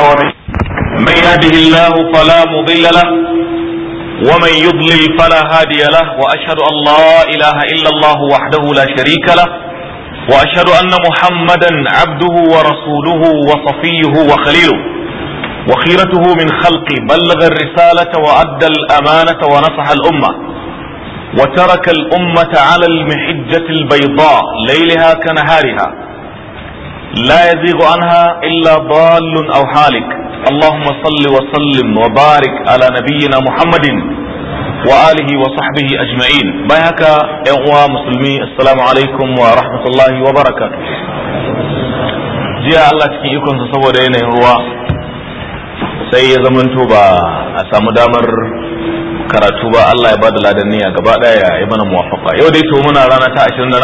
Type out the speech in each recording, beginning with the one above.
ومن من يهده الله فلا مضل له ومن يضلل فلا هادي له وأشهد أن لا إله إلا الله وحده لا شريك له وأشهد أن محمدا عبده ورسوله وصفيه وخليله وخيرته من خلقه بلغ الرسالة وأدى الأمانة ونصح الأمة وترك الأمة على المحجة البيضاء ليلها كنهارها لا يزيغ عنها إلا ضال أو حالك اللهم صل وسلم وبارك على نبينا محمد وآله وصحبه أجمعين بيهك يا مسلمي السلام عليكم ورحمة الله وبركاته jiya Allah cikin ikonsa saboda yanayin ruwa sai ya zamanto ba a samu damar karatu ba Allah ya bada ladan niyya gaba daya ya bana muwafaqa yau dai to muna rana ta 20 na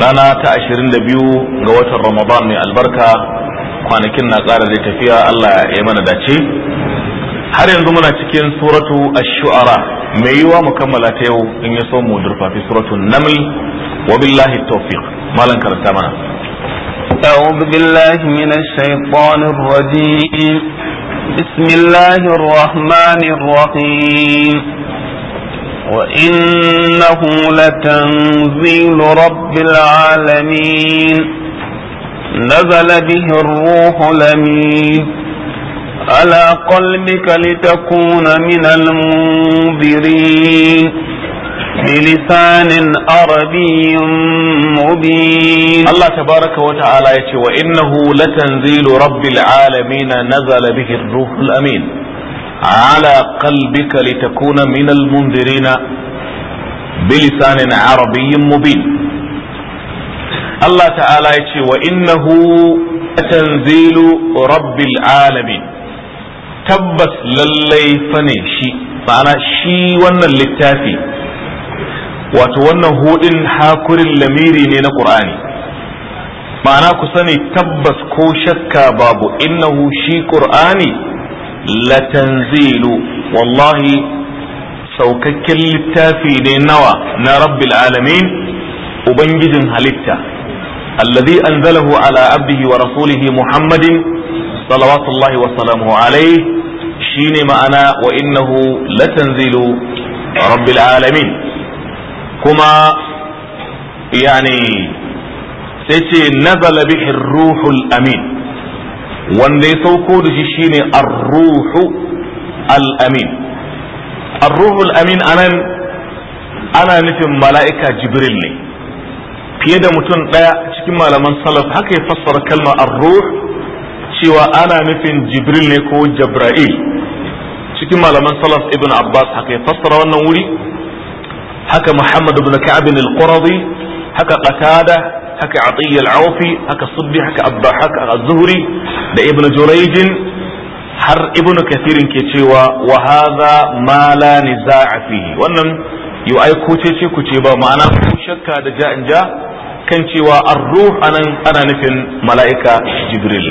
rana ta ashirin 22 ga watan ramadan mai albarka kwanakin na tsara da tafiya Allah ya mana dace har yanzu muna cikin suratu ash-shu'ara mai yiwa mu kammala ta yau in ya so mu durfafi suratu naml wa billahi tawfiq malan karanta mana أعوذ بالله من الشيطان الرجيم بسم الله الرحمن الرحيم وإنه لتنزيل رب العالمين نزل به الروح لمين على قلبك لتكون من المنذرين بلسان عربي مبين الله تبارك وتعالى يقول وإنه لتنزيل رب العالمين نزل به الروح الأمين على قلبك لتكون من المنذرين بلسان عربي مبين الله تعالى يقول وإنه تنزيل رب العالمين تبس للي فنشي معنى شي ون للتافي وتون هود حاكر اللميري من قرآني ma'ana ku sani tabbas ko shakka babu innahu shi qur'ani latanzilu wallahi saukakken littafi ne nawa na rabbil alamin ubangijin halitta alladhi anzalahu ala abdihi wa rasulihi muhammadin salawatullahi wa salamuhu alayhi shine ma'ana wa innahu latanzilu rabbil alamin kuma yani sai ce nazala bihi ruhul amin wanda ya sauko da shi shine ar-ruhu al-amin ar-ruhu al-amin anan ana nufin mala'ika jibril ne fiye da mutum ɗaya cikin malaman salaf haka ya fassara kalmar ar-ruh cewa ana nufin jibril ne ko jabra'il cikin malaman salaf ibn abbas haka ya fassara wannan wuri haka muhammad ibn ka'ab al-quradi haka qatada haka atiyya aufi haka subbi haka abba haka zuhri da ibnu jurayj har ibnu kathirin ke cewa wa hadha ma la niza'a fihi wannan yu ai kuce ce ba ma'ana ku shakka da ja'in ja kan cewa ar-ruh anan ana nufin mala'ika jibril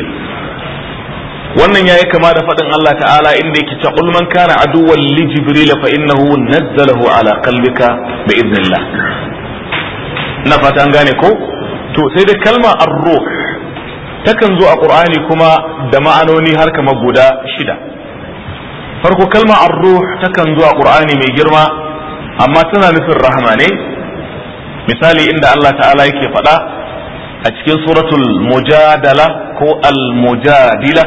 wannan yayi kama da faɗin Allah ta'ala inda yake ta man kana aduwwan li jibril fa innahu nazzalahu ala qalbika bi idnillah na fata an gane ko to sai dai kalma ar-ruh takan zo a qur'ani kuma da ma'anoni har kamar guda shida farko kalma ar-ruh takan zo a qur'ani mai girma amma tana nufin rahama ne misali inda Allah ta'ala yake faɗa a cikin suratul mujadala ko al-mujadila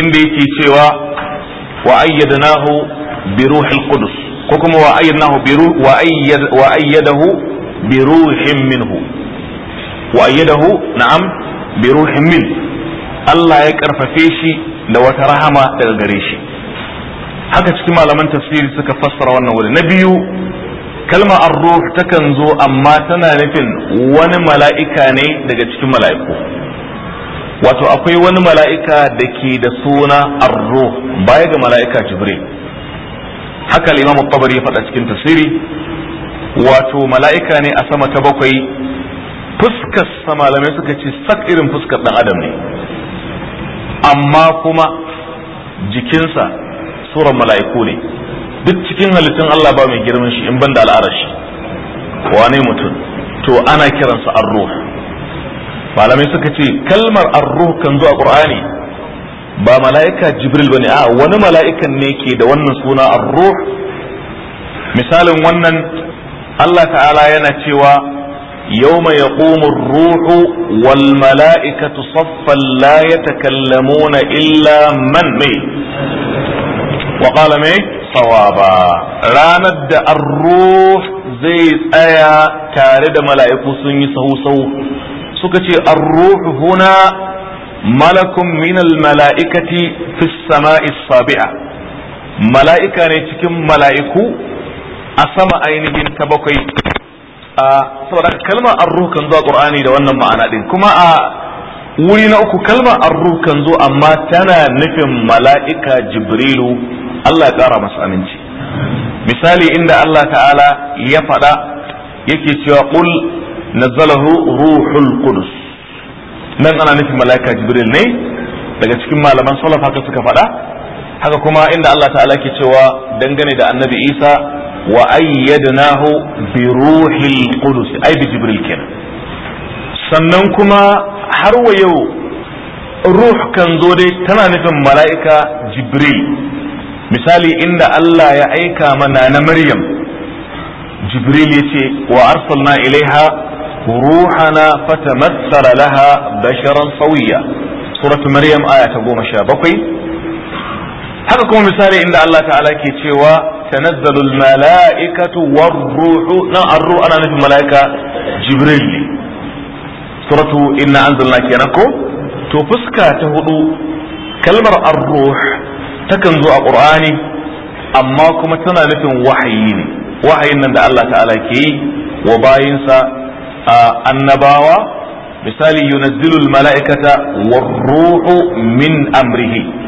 inda yake cewa wa ayyadnahu bi ruhil qudus ko kuma wa ayyadnahu bi ruh wa ayyadahu بروح منه وأيده نعم بروح منه الله wata فيشي لو ترحم shi. haka cikin malaman tafsiri suka fassara wannan wuri na biyu kalma arro ruh takan zo amma tana nufin wani mala'ika ne daga cikin mala'iku wato akwai wani mala'ika da ke da suna arro ruh baya ga mala'ika jibril haka Limamu imam ya faɗa cikin tafsiri wato mala'ika ne a sama ta bakwai fuskar sa malamai suka ce sak irin fuskar dan adam ne amma kuma jikinsa suran mala'iku ne duk cikin halittun Allah ba mai girman shi in banda al'arashi wane mutum to ana kiransa arruh malamai suka ce kalmar arruh kan zo a ƙur'ani ba mala'ika jibril bane a wani mala'ikan ne ke da wannan suna arruh misalin wannan Allah ta'ala yana cewa yawma yaqumu ruhu wal mala'ikatu saffan la yatakallamuna illa man mai wa qala mai sawaba ranar da ar-ruh zai tsaya tare da mala'iku sun yi sahu sahu suka ce ar-ruh huna malakun minal malaikati fi as-sama'i mala'ika ne cikin mala'iku a sama ainihin ta bakwai A saboda kalmar arru kan a qur'ani da wannan ma'ana din kuma a wuri na uku kalmar arru kan zo amma tana nufin mala'ika jibrilu Allah ya kara masa aminci misali inda Allah ta'ala ya faɗa yake cewa qul nazzalahu ruhul qudus nan ana nufin mala'ika jibril ne daga cikin malaman salaf haka suka faɗa haka kuma inda Allah ta'ala ke cewa dangane da annabi Isa wa ayyadnahu bi ruhil qudus ai bi jibril kenan sannan kuma har wa yau ruh kan zo dai tana nufin mala'ika jibril misali inda Allah ya aika mana na maryam jibril yace wa arsalna ilaiha ruhana fatamassala laha basharan sawiya suratu maryam aya ta goma sha bakwai haka kuma misali inda Allah ta'ala ke cewa tanazzalul mala'ikatu war ruhu nan arru ana nufin mala'ika jibril ne suratu inna anzalna kenan ko to fuska ta hudu kalmar ar takan zo a qur'ani amma kuma tana nufin wahayi ne wahayin nan da Allah ta'ala ke yi wa bayinsa annabawa misali yunazzilul mala'ikata war ruhu min amrihi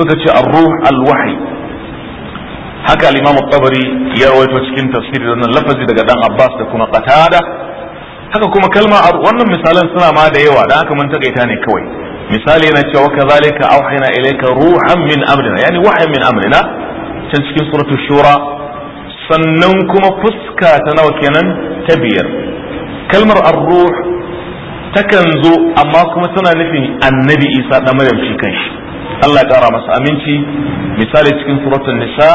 suka ce ar-ruh al haka al-imam tabari ya rawaito cikin tafsiri da wannan lafazi daga dan Abbas da kuma Qatada haka kuma kalma wannan misalan suna ma da yawa dan haka mun takaita ne kawai misali yana cewa kazalika auhayna ilayka ruhan min amrina yani wahyan min amrina can cikin suratu shura sannan kuma fuska ta nawa kenan ta biyar kalmar ar-ruh takan zo amma kuma tana nufin annabi isa da maryam shi kanshi Allah ya kara masa aminci misali cikin suratul nisa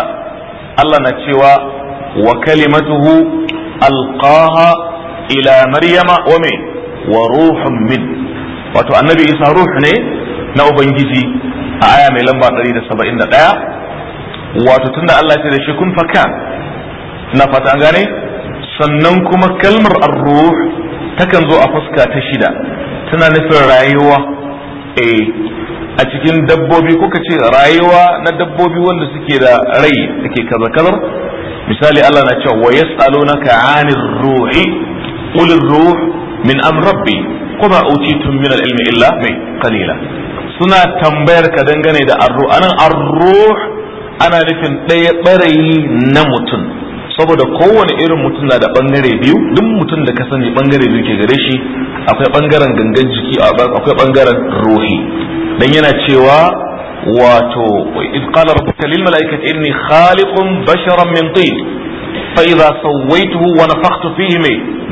Allah na cewa wa kalimatuhu alqaha ila maryama wa me wa ruhun min wato annabi isa ruh ne na ubangiji a aya mai lamba 171 wato tunda Allah ya ce da shi kun fakan na fata an gane sannan kuma kalmar ar-ruh takan zo a fuska ta shida tana nufin rayuwa eh a cikin dabbobi kuka ce rayuwa na dabbobi wanda suke da rai suke kaza kaza misali Allah na cewa wa yas'alunaka 'anir ruhi qul ruh min am rabbi kuma utitum min al-ilmi illa mai qalila suna tambayar ka dangane da arruh anan arruh ana nufin ɗaya ɓarayi na mutum saboda kowane irin mutum na da bangare biyu duk mutum da ka sani bangare biyu ke gare shi akwai bangaren gangan jiki akwai bangaren ruhi dan yana cewa wato id qala rabbuka lil malaikati inni khaliqun basharan min tin fa idza sawaituhu wa nafakhtu fihi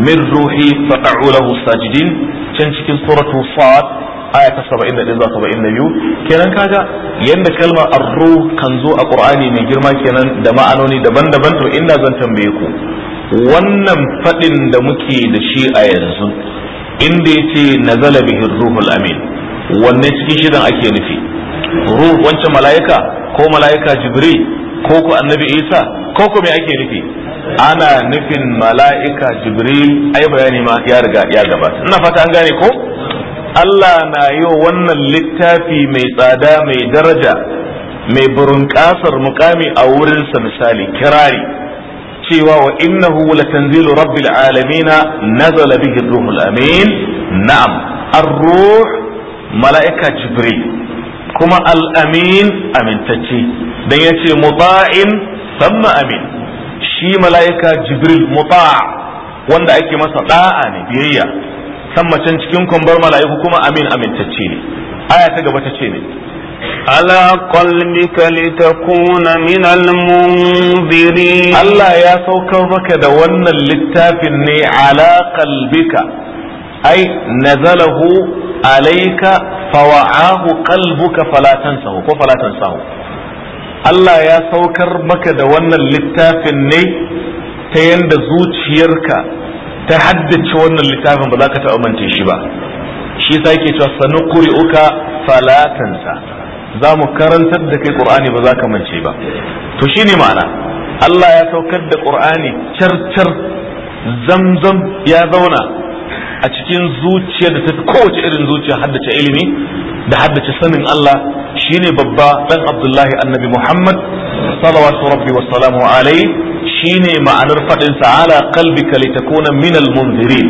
min ruhi faq'u lahu sajidin can cikin suratu fat aya ta 71 zuwa 72 kenan kaga yanda kalmar arru kan zo a qur'ani mai girma kenan da ma'anoni daban-daban to inda zan tambaye ku wannan fadin da muke da shi a yanzu inda yace nazala bihi ruhul amin wannan cikin shidan ake nufi ruh wancan malaika ko malaika jibril ko ku annabi isa ko ku me ake nufi ana nufin mala'ika jibril ai bayani ma ya riga ya gabata ina fata an gane ko Allah na yi wannan littafi mai tsada mai daraja mai burunkasar mukami a wurinsa misali kirari cewa wa innahu latanzilu rabbil alamin nazala bihi ruhul amin na'am ar-ruh mala'ika jibril kuma al-amin amintacce dan yace muta'in thumma amin shi mala'ika jibril muta' wanda ake masa da'a ne biyayya san macen cikin kumbar mala'iku kuma amin amintacce ne aya ta gaba ta ce ne ala qalbika litakuna min Allah ya saukar maka da wannan littafin ne ala qalbika ai nazalahu alayka fawa'ahu qalbuka fala tansahu ko fala tansahu Allah ya saukar maka da wannan littafin ne ta yanda zuciyarka ta haddace wannan littafin ba za ka taɓa mance shi ba shi sa yake cewa sanu uka falatansa za mu karantar da kai qur'ani ba za ka mance ba to shine ma'ana Allah ya saukar da qur'ani carcar zamzam ya zauna a cikin zuciya da ta kowace irin zuciya haddace ilimi da haddace sanin Allah shine babba dan Abdullahi annabi Muhammad sallallahu rabbi wa salamu shine ma'anar faɗin sa'ala kalbi litakuna min minal munzirin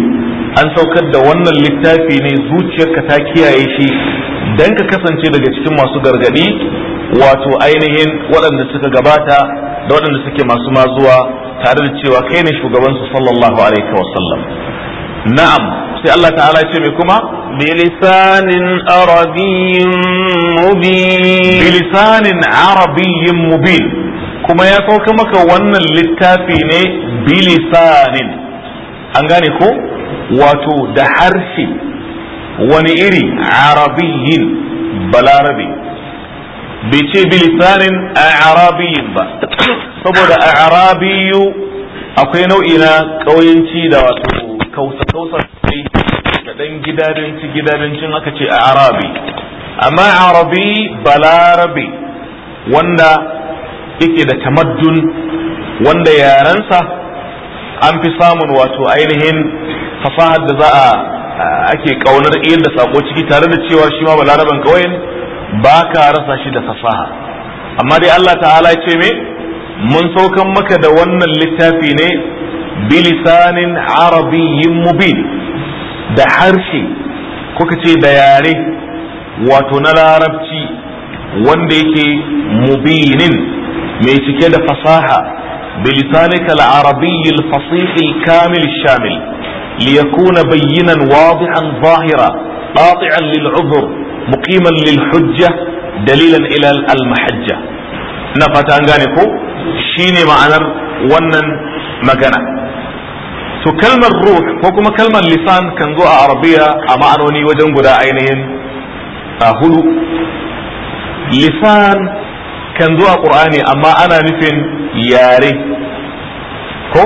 an saukar da wannan littafi ne zuciyarka ta kiyaye shi dan ka kasance daga cikin masu gargadi wato ainihin waɗanda suka gabata da waɗanda suke masu mazuwa tare da cewa kai ne shugabansu sallallahu alaihi wa sallam na'am sai Allah ta'ala ya ce me kuma bilisanin arabiyyin mubin bilisanin arabiyyin mubin kuma ya sauka maka wannan littafi ne bilisanin an gane ko wato da harshe wani iri arabiyin Balarabi. bai ce bilisanin a arabiyin ba saboda a arabiyu akwai nau'i na ƙauyenci da wato kausa-kausa da ɗan gidadanci gidadancin aka ce a arabi amma arabi Balarabi wanda yake da tamaddun wanda yarensa an fi samun wato ainihin fasahar da za a ake kaunar iya da sako ciki tare da cewa shi ma balaraban ƙauyen ba ka rasa shi da fasaha amma dai Allah ta'ala ya ce me mun saukan maka da wannan littafi ne bilisanin arabiyyin mubin da harshe kuka ce da yare wato na larabci wanda yake mubinin mai cike da fasaha بلسانك العربي الفصيح الكامل الشامل ليكون بينا واضحا ظاهرا قاطعا للعذر مقيما للحجة دليلا إلى المحجة نفت أنغانيكو شيني معنى ونن مغنى to kalmar ruh ko kuma kalmar lisan kan zo a arabiya a ma'anoni wajen guda ainihin a hudu lisan kan zuwa qur'ani amma ana nufin yare ko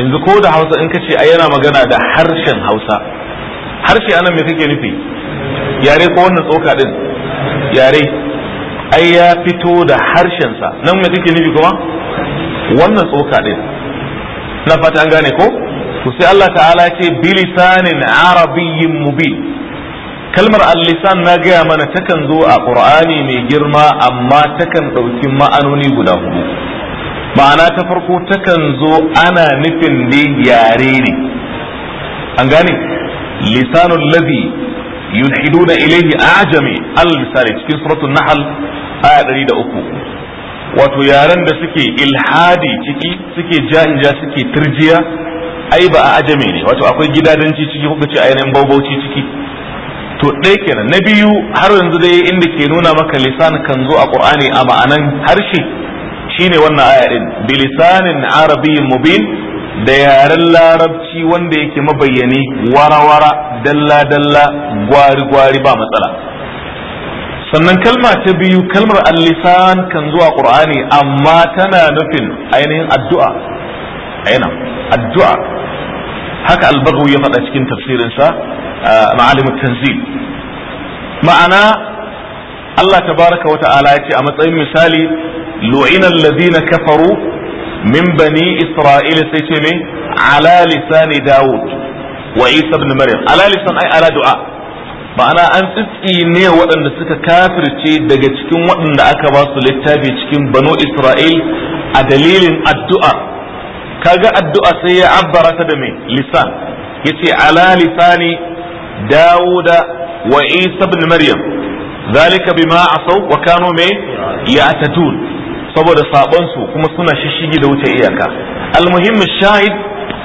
yanzu ko da hausa in kace ai yana magana da harshen hausa harshe anan me kake nufi yare ko wannan tsoka din yare ai ya fito da harshensa nan me kake nufi kuma wannan tsoka din na fata an gane ko Ku sai Allah ta'ala ce bilisanin arabiyyin mubin kalmar al-lisan na gaya mana takan zo a qur'ani mai girma amma takan ɗauki ma'anoni guda hudu ma'ana ta farko takan zo ana nufin ne yare ne an gane lisanul ladhi yulhiduna ilayhi ajami al-misali cikin suratul nahl aya 103 wato yaren da suke ilhadi ciki suke janja suke turjiya ai ba a ajami ne wato akwai gidadanci ciki kuka ce ainihin baubauci ciki to ɗaya kenan na biyu har yanzu dai inda ke nuna maka lisan kan zo a qur'ani a ma'anan harshe shine wannan aya din bilisanin arabiyyin mubin da yaren larabci wanda yake mabayyani wara-wara dalla-dalla gwari-gwari ba matsala sannan kalma ta biyu kalmar al-lisan kan zuwa qur'ani amma tana nufin ainihin addu'a aina addu'a haka al ya faɗa cikin tafsirinsa ma'alimin tanzil ma'ana Allah Ta baraka wata ala ce a matsayin misali lu'ina allazina kafaru min bani isra'ila sai ce me ala lisani daud wa isa maryam ala lisan ai ala du'a ma'ana an tsitsine waɗanda suka kafirce daga cikin waɗanda aka ba su littafi cikin banu isra'il a dalilin addu'a kaga addu'a sai ya abbara ta da me lisan yace ala lisani داود وعيسى بن مريم ذلك بما عصوا وكانوا من يعتدون saboda sabon su kuma suna shishigi da wuce iyaka almuhim shahid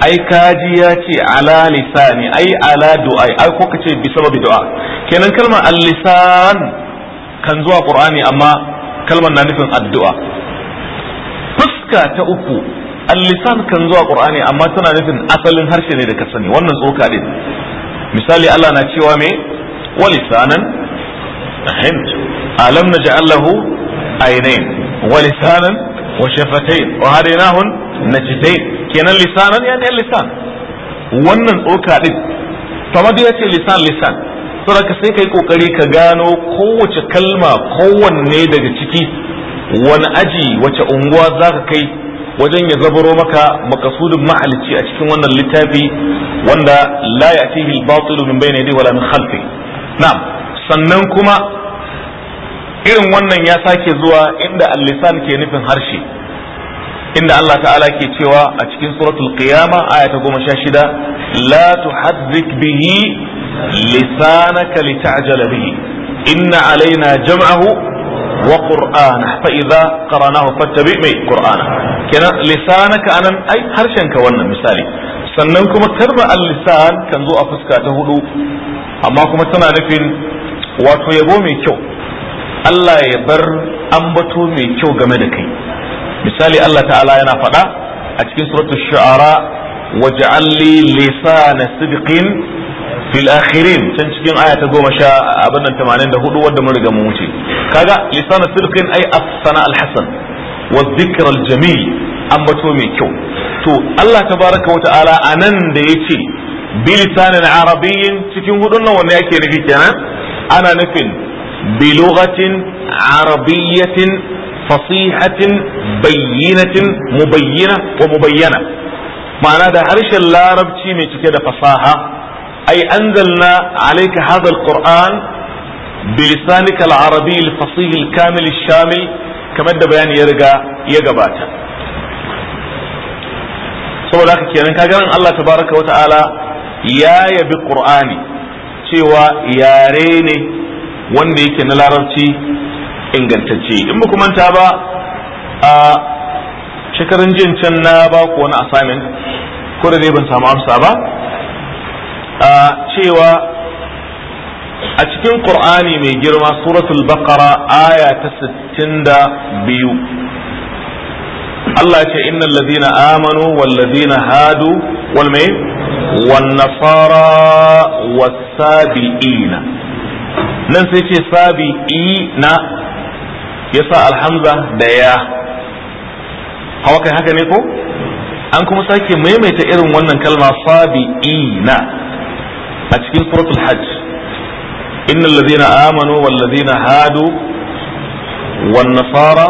ai kaji ya ce ala lisani ai ala du'ai ai ko kace bi sababi du'a kenan kalmar al kan zuwa qur'ani amma kalmar na nufin addu'a fuska ta uku al kan zuwa qur'ani amma tana nufin asalin harshe ne da ka sani wannan tsoka din misali Allah na cewa me walisanan ahim alam naj'al lahu aynayn walisanan wa shafatayn wa hadaynahu najdayn kenan lisanan yani lisan wannan tsoka din to ma ce lisan lisan to da sai kai kokari ka gano kowace kalma kowanne daga ciki wani aji wace unguwa zaka kai wajen ya zabaro maka makasudin ma'alici a cikin wannan littafi wanda la ya'tihi al-batilu min bayni yadihi wala min khalfi na'am sannan kuma irin wannan ya sake zuwa inda al-lisan ke nufin harshe inda Allah ta'ala ke cewa a cikin suratul qiyama aya ta 16 la tuhaddith bihi lisanaka lita'jala bihi inna alaina jam'ahu wa qur'ana fa idza qara'nahu fattabi mai qur'ana kenan lisanaka anan ai harshenka wannan misali sannan kuma karba an lisan kan zo a fuska ta huɗu, amma kuma tana nufin wato yabo mai kyau Allah ya bar ambato mai kyau game da kai misali Allah ta'ala yana faɗa a cikin suratul shu'ara waj'al li na sidqin fil akhirin can cikin aya ta goma sha abanan nan tamanin da hudu wadda mun riga mun wuce kaga lisan sirkin ai as-sana wa dhikr al-jamil ambato kyau to Allah tabaraka wa ta'ala anan da ya bi lisanin arabiyyin cikin hudun nan wanne yake nufi kenan ana nufin bi lughatin arabiyyatin fasihatin bayyinatin mu bayyina wa mu bayyana. ma'ana da harshen larabci mai cike da fasaha أي أنزلنا عليك هذا القرآن بلسانك العربي الفصيح الكامل الشامل كما da bayani ya riga ya gabata saboda haka kenan ka kaga nan Allah tabaraka wa ta'ala ya yabi ƙur'ani cewa yare ne wanda yake na larabci ingantacce in muku manta ba a shekaran jin can na ba ku wani assignment ko da dai ban samu amsa ba a cewa a cikin ƙur'ani mai girma suratul baqara aya ta 62 Allah ce innal ladina amanu wal ladina hadu wal mai wan nasara sabiina nan sai ce sabiina sa alhamza da ya hawa kai haka ne ko an kuma sake maimaita irin wannan kalma sabiina a cikin suratul hajj innal ladhina amanu wal ladhina hadu wan nasara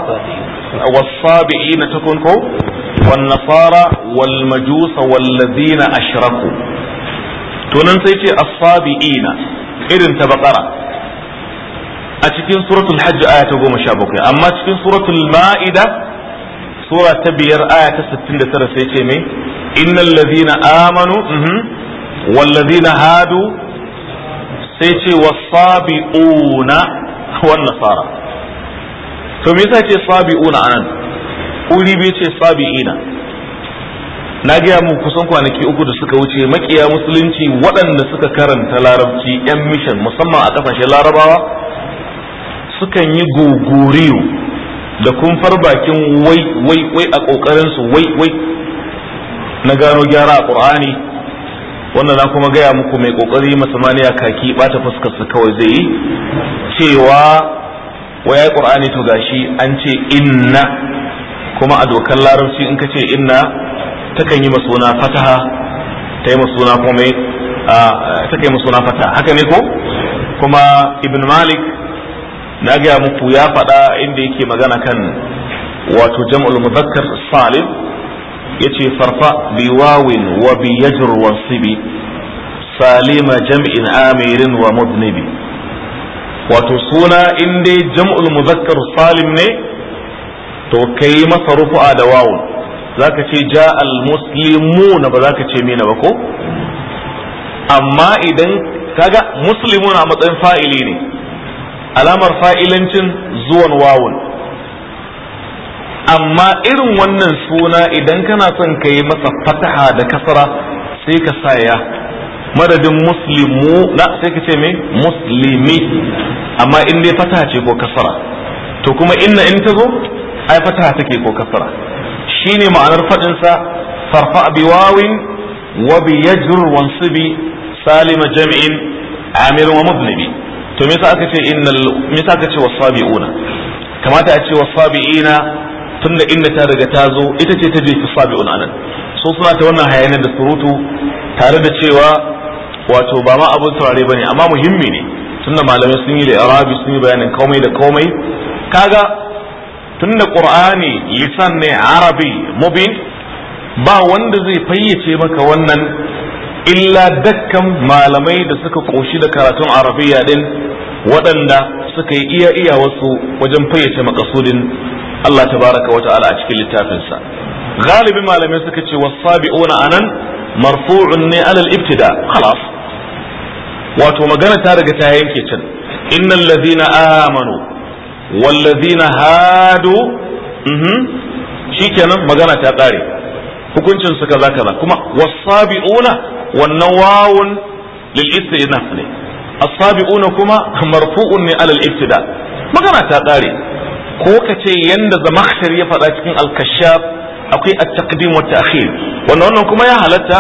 was sabiina takun ko wan nasara wal majusa wal ladhina ashraku to nan sai ce as-sabiina irin ta baqara a cikin suratul hajj aya ta 17 amma cikin suratul ma'ida sura ta biyar aya ta 69 sai ce me innal ladhina amanu mhm, walladina hadu sai ce wasabi'una wan nasara to me yasa ce sabi'una anan kuri bai ce sabi'ina na gaya mu kusan kwanaki uku da suka wuce makiya musulunci waɗanda suka karanta larabci yan mishan musamman a kafashe larabawa sukan yi gogoriyo da kumfar bakin wai wai wai a su wai wai na gano gyara a ƙur'ani wannan na kuma gaya muku mai kokari masamaniya kaki bata fuskar su kawai zai yi cewa waya qur'ani to gashi an ce inna kuma a dokar larabci in kace ce inna takan yi masuna fataha ta yi masuna kuma mai ta kai masuna fataha haka ne ko kuma ibn malik na gaya muku ya faɗa inda yake magana kan wato jam'ul muzakkar salim yace farfa bi wawin wa bi yajr wa sibi salima jam'in amirin wa mudnibi wato suna in dai jam'ul muzakkar salim ne to kai masa rufu'a da wawun zaka ce ja al muslimuna ba zaka ce mina ba ko amma idan kaga muslimuna matsayin fa'ili ne alamar fa'ilancin zuwan wawun amma irin wannan suna idan kana son ka yi masa fataha da kasara sai ka sa ya madadin muslimu na sai ka ce me muslimi amma in dai fataha ce ko kasara to kuma inna in ta zo ai fataha take ko kasara shine ma'anar fadin sa farfa bi wawin wa bi yajr wansibi salima jam'in amir wa mudnibi to me yasa aka ce innal me yasa aka ce wasabiuna kamata a ce wasabiina tunda inda ta riga ta zo ita ce ta jefi sabi'un anan so suna ta wannan hayanin da surutu tare da cewa wato ba ma abin turare bane amma muhimmi ne tunda malamai sun yi da arabi sun yi bayanin komai da komai kaga tunda qur'ani lisan ne arabi mubin ba wanda zai fayyace maka wannan illa dakkan malamai da suka koshi da karatun arabiya din waɗanda suka yi iya iya wasu wajen fayyace makasudin Allah tabaraka wa ta'ala a cikin littafinsa galibin malamai suka ce wasabi'una anan marfu'un ne alal ibtida khalas wato magana ta daga ta yanke can innal ladhina amanu wal ladhina hadu mhm. shikenan magana ta kare hukuncin su kaza kaza kuma wasabi'una wannan wawun lil istinaf ne as-sabi'una kuma marfu'un ne alal ibtida magana ta kare ko ka ce yanda zamakshar ya faɗa cikin alkashaf akwai a taqdim wa ta'khir wanda wannan kuma ya halatta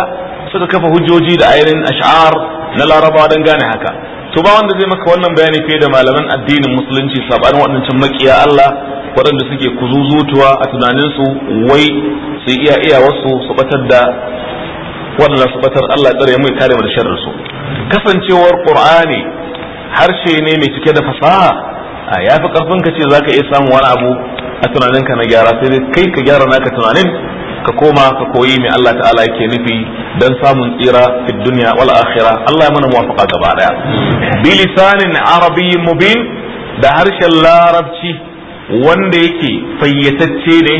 suka kafa hujjoji da a ash'ar na laraba don gane haka to ba wanda zai maka wannan bayani fiye da malaman addinin musulunci sabanin waɗancan makiya Allah waɗanda suke kuzuzutuwa a tunaninsu wai su iya iya wasu su batar da wannan su batar Allah tsare mai kare mu da kasancewar qur'ani harshe ne mai cike da fasaha a ya fi karfin ka ce za ka iya samun wani abu a tunaninka na gyara sai dai kai ka gyara naka tunanin ka koma ka koyi mai Allah ta'ala yake nufi dan samun tsira fi dunya wal akhirah Allah ya mana muwafaqa gaba daya bi lisanin arabiyyin mubin da harshen larabci wanda yake fayyatacce ne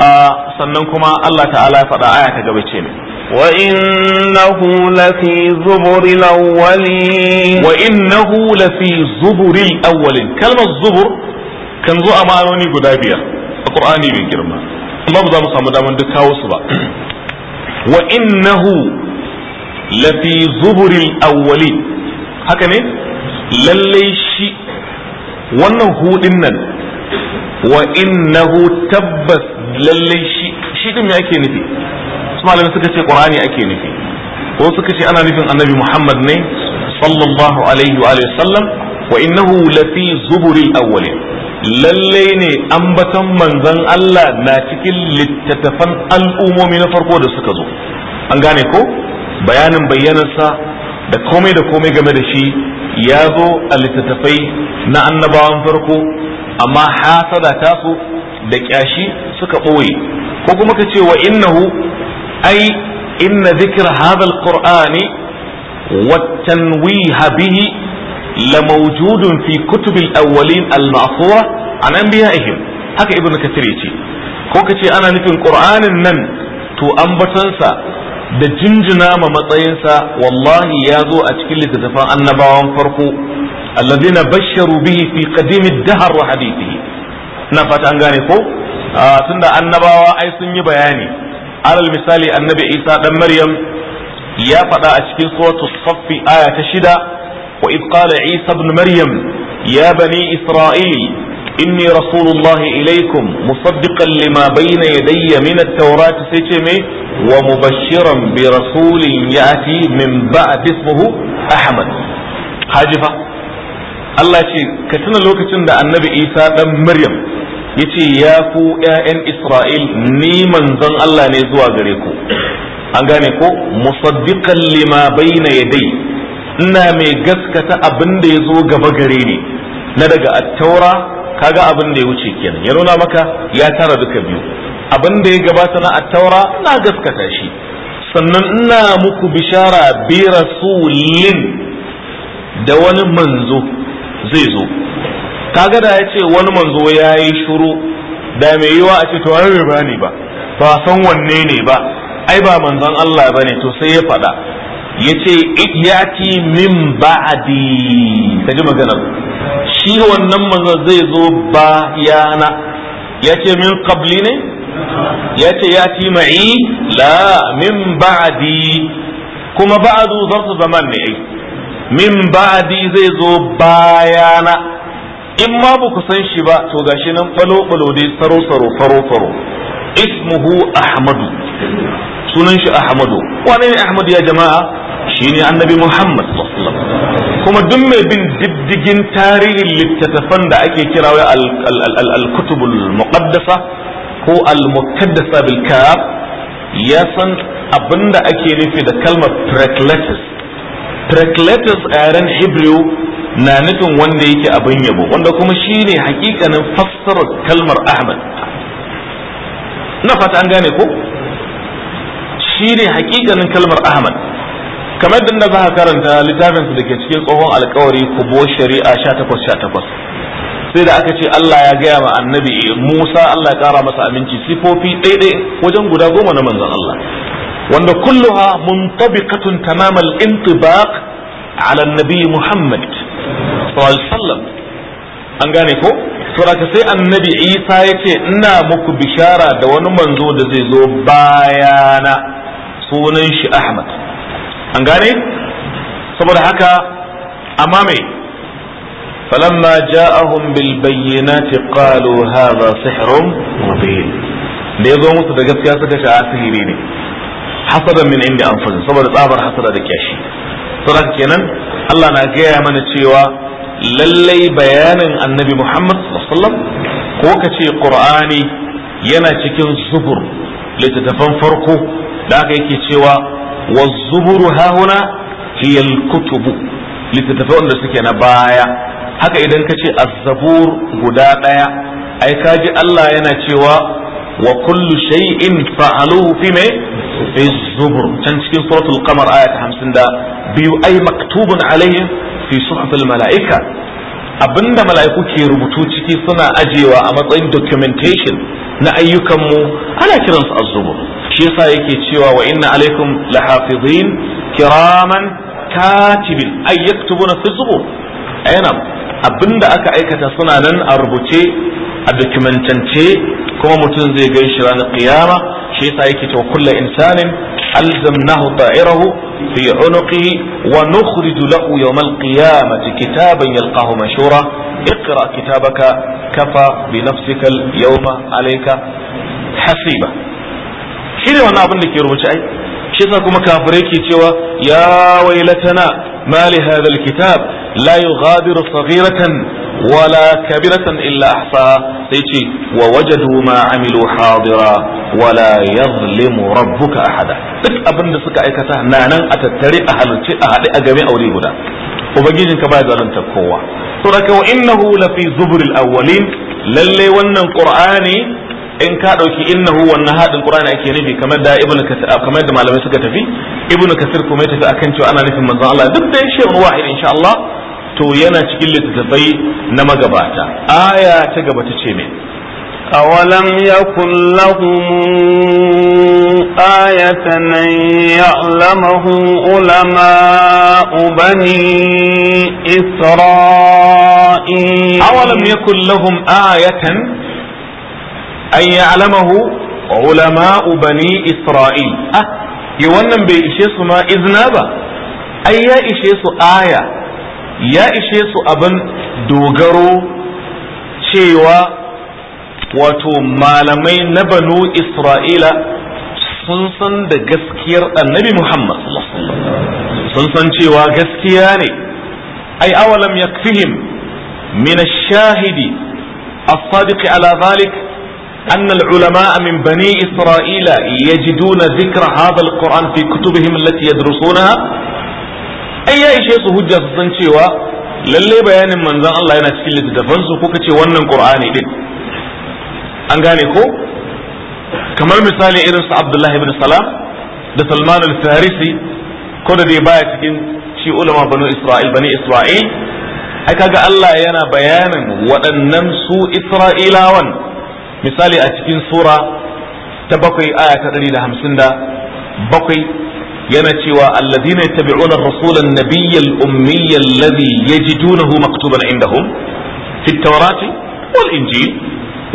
a sannan kuma Allah ta'ala ya faɗa aya ta gaba ce ne وإنه لفي زبر الأولين وإنه لفي زبر الأولين كلمة زبر كان زو أمانوني قدابية القرآن من جرما ما بدا مصامدا من دكاو سبا وإنه لفي زبر الأولين هكذا للي شيء wannan hudin nan wa innahu tabbas lalle shi shi din me ake nufi wasu malamai suka ce qur'ani ake nufi ko suka ce ana nufin annabi muhammad ne sallallahu alaihi wa alihi sallam wa innahu lafi zuburil awwalin lalle ne ambaton manzon Allah na cikin littattafan al'ummomi na farko da suka zo an gane ko bayanin bayyanarsa da komai da komai game da shi ya zo a littattafai na annabawan farko amma hasada tasu da kyashi suka ɓoye ko kuma ka ce wa innahu أي إن ذكر هذا القرآن والتنويه به لموجود في كتب الأولين المعصورة عن أنبيائهم هكا ابن كثير يتي كوكتي أنا نفي القرآن النن تو أنبتنسا da jinjina ma matsayinsa wallahi ya zo a cikin littattafan annabawan farko allazina basharu bihi fi qadimi dahar wa hadithi na fata an gane ko tunda annabawa ai sun yi bayani alal misali annabi isa dan maryam ya faɗa a cikin suratul saffi aya ta shida wa id qala isa ibn maryam ya bani isra'il inni rasulullahi ilaikum musaddiqan lima bayna yadayya min at-taurat sai ce me wa mubashiran bi rasulin yati min ba'd ismuhu ahmad hajifa Allah ce ka tuna lokacin da annabi isa dan maryam yace ya ku ƴaƴan Isra'il ni manzon Allah ne zuwa gare ku an gane ko musaddiqan lima bayna yadai ina mai gaskata abin da ya zo gaba gare ni na daga attaura kaga abin da ya wuce kenan ya nuna maka ya tara duka biyu abin da ya gabata na attaura na gaskata shi sannan ina muku bishara bi rasulin da wani manzo zai zo kaga da ya ce wani manzo ya yi shuru da mai yiwa a ce to ai ba ne ba ba san wanne ne ba ai ba manzon Allah bane to sai ya faɗa yace iyati min ba'di ji magana shi wannan manzo zai zo Ya yace min qabli ne yace yati ma'i la min ba'di kuma ba'du zarf zaman ne ai min ba'di zai zo bayana in ma ba ku san shi ba to gashi nan falo falo dai saro saro faro saro ismuhu ahmadu sunan shi ahmadu wane ne ahmadu ya jama'a shine annabi muhammad sallallahu kuma duk mai bin diddigin tarihin littattafan da ake kira wa al-kutubul muqaddasa ko al-muqaddasa bil kaf ya san abinda ake nufi da kalmar precletus precletus a yaren hebrew na nufin wanda yake abin yabo wanda kuma ne hakikanin fassarar kalmar ahmad na fata an gane ko shine hakikanin kalmar ahmad kamar din da za karanta littafin su dake cikin tsohon alkawari kubo shari'a 18 sai da aka ce Allah ya gaya wa annabi Musa Allah ya kara masa aminci sifofi ɗaiɗai wajen guda goma na manzon Allah wanda kulluha muntabiqatun tamamal intibaq ala annabi Muhammad sallallahu alaihi wasallam an gane ko saboda sai annabi Isa ya ce ina muku bishara da wani manzo da zai zo bayana sunan shi Ahmad an gane saboda haka amma me فلما جاءهم بالبينات قالوا هذا سحر مبين da ya zo musu da gaskiya suka sha sihiri ne hasadan min inda an saboda tsabar hasada da kyashi saboda kenan Allah na gaya mana cewa lallai bayanin annabi Muhammad sallam ko ka ce Qur'ani yana cikin zubur littattafan farko da aka yake cewa wa zuburu hahuna hiyal kutubu littattafan da suke na baya haka idan ka ce az guda ɗaya. ai kaji Allah yana cewa wa kullu shay'in fa'aluhu fi me fi zubur can cikin suratul qamar aya ta 52 ai maktubun alaihim fi suhufil mala'ika abinda mala'iku ke rubutu ciki suna ajewa a matsayin documentation na ayyukanmu ana kiransu azzubur shi yasa yake cewa wa inna alaikum lahafizin kiraman katibin ay yaktubuna fi zubur ayyana abinda aka aikata suna nan a rubuce a dokumentance kuma mutum zai gan shi ranar kiyama shi yasa yake to kulla insanin alzamnahu ta'irahu fi unuqihi wa nukhrij lahu yawm al-qiyamati kitaban yalqahu mashura اقرا كتابك كفى بنفسك اليوم عليك hasiba shi ne wannan abin da ke rubuce ai shi kuma kafirai ke cewa ya wailatana ma mali hadha kitab la yughadiru saghiratan wala kabiratan illa ahsa sai ce wa wajadu ma amilu hadira wala yadhlimu rabbuka ahada duk abin da suka aikata na nan a tattare a halarci a haɗe a game wuri guda ubangijin ka baya zalunta kowa to da wa innahu lafi zuburil awwalin lalle wannan qur'ani in ka dauki innahu wannan hadin qur'ani ake nufi kamar da ibnu kasir ah, kamar da malamai suka tafi ibnu kasir kuma ya tafi akan cewa ana nufin manzon Allah duk da shi wani wahid insha Allah to yana cikin littattafai na magabata aya ta gaba ta ce me awalam yakun lahum ayatan ya'lamuhu ulama علماء isra'i awalam yakun lahum ayatan an alamahu ulama'u bani isra'il ah yi wannan bai ishe su ma izna ba ai ya ishe su aya ya ishe su abin dogaro cewa wato malamai na banu isra'ila sun san da gaskiyar annabi muhammad sun san cewa gaskiya ne ai awalam yakfihim min ash-shahidi as-sadiq ala dhalik أن العلماء من بني إسرائيل يجدون ذكر هذا القرآن في كتبهم التي يدرسونها أي شيء hujja su san cewa Lallai bayanin manzon Allah yana cikin littattafansu ko kace wannan Qur'ani din an gane ko kamar misali irin su Abdullahi ibn Salam da Salman al-Farisi ko da dai baya cikin shi ulama banu Isra'il bani Isra'il ai kaga Allah yana bayanin waɗannan su Isra'ilawan misali a cikin sura ta bakwai aya ta ɗari da hamsin da bakwai yana cewa alladhina yattabi'una ar an-nabiyya al-ummiyya alladhi yajidunahu maktuban indahum fi at-taurati wal injil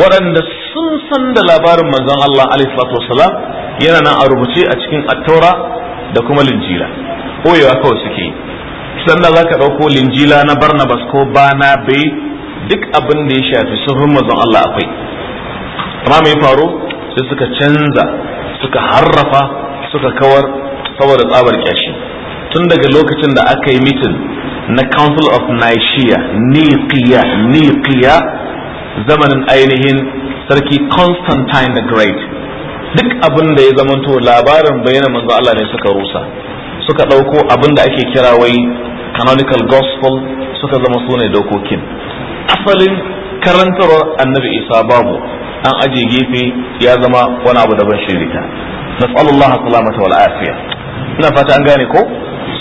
waɗanda sun san da labarin manzon Allah alaihi salatu wasalam yana nan a rubuce a cikin at da kuma linjila koyewa kawai suke sannan zaka ɗauko linjila na Barnabas ko Bana Bay duk abin da ya shafi sufin manzon Allah akwai amma mai faru sai suka canza suka harrafa suka kawar saboda tsabar kyashi tun daga lokacin da aka yi mitin na council of nicaea niqiya niqiya zamanin ainihin sarki constantine the great duk abin da ya zamanto labarin bayanan manzo Allah ne suka rusa suka ɗauko abin da ake kira wai canonical gospel suka zama sune dokokin asalin karantarwar annabi isa babu an aje gefe ya zama wani abu daban shirita nasallallahu salamata wal afiya ina fata an gane ko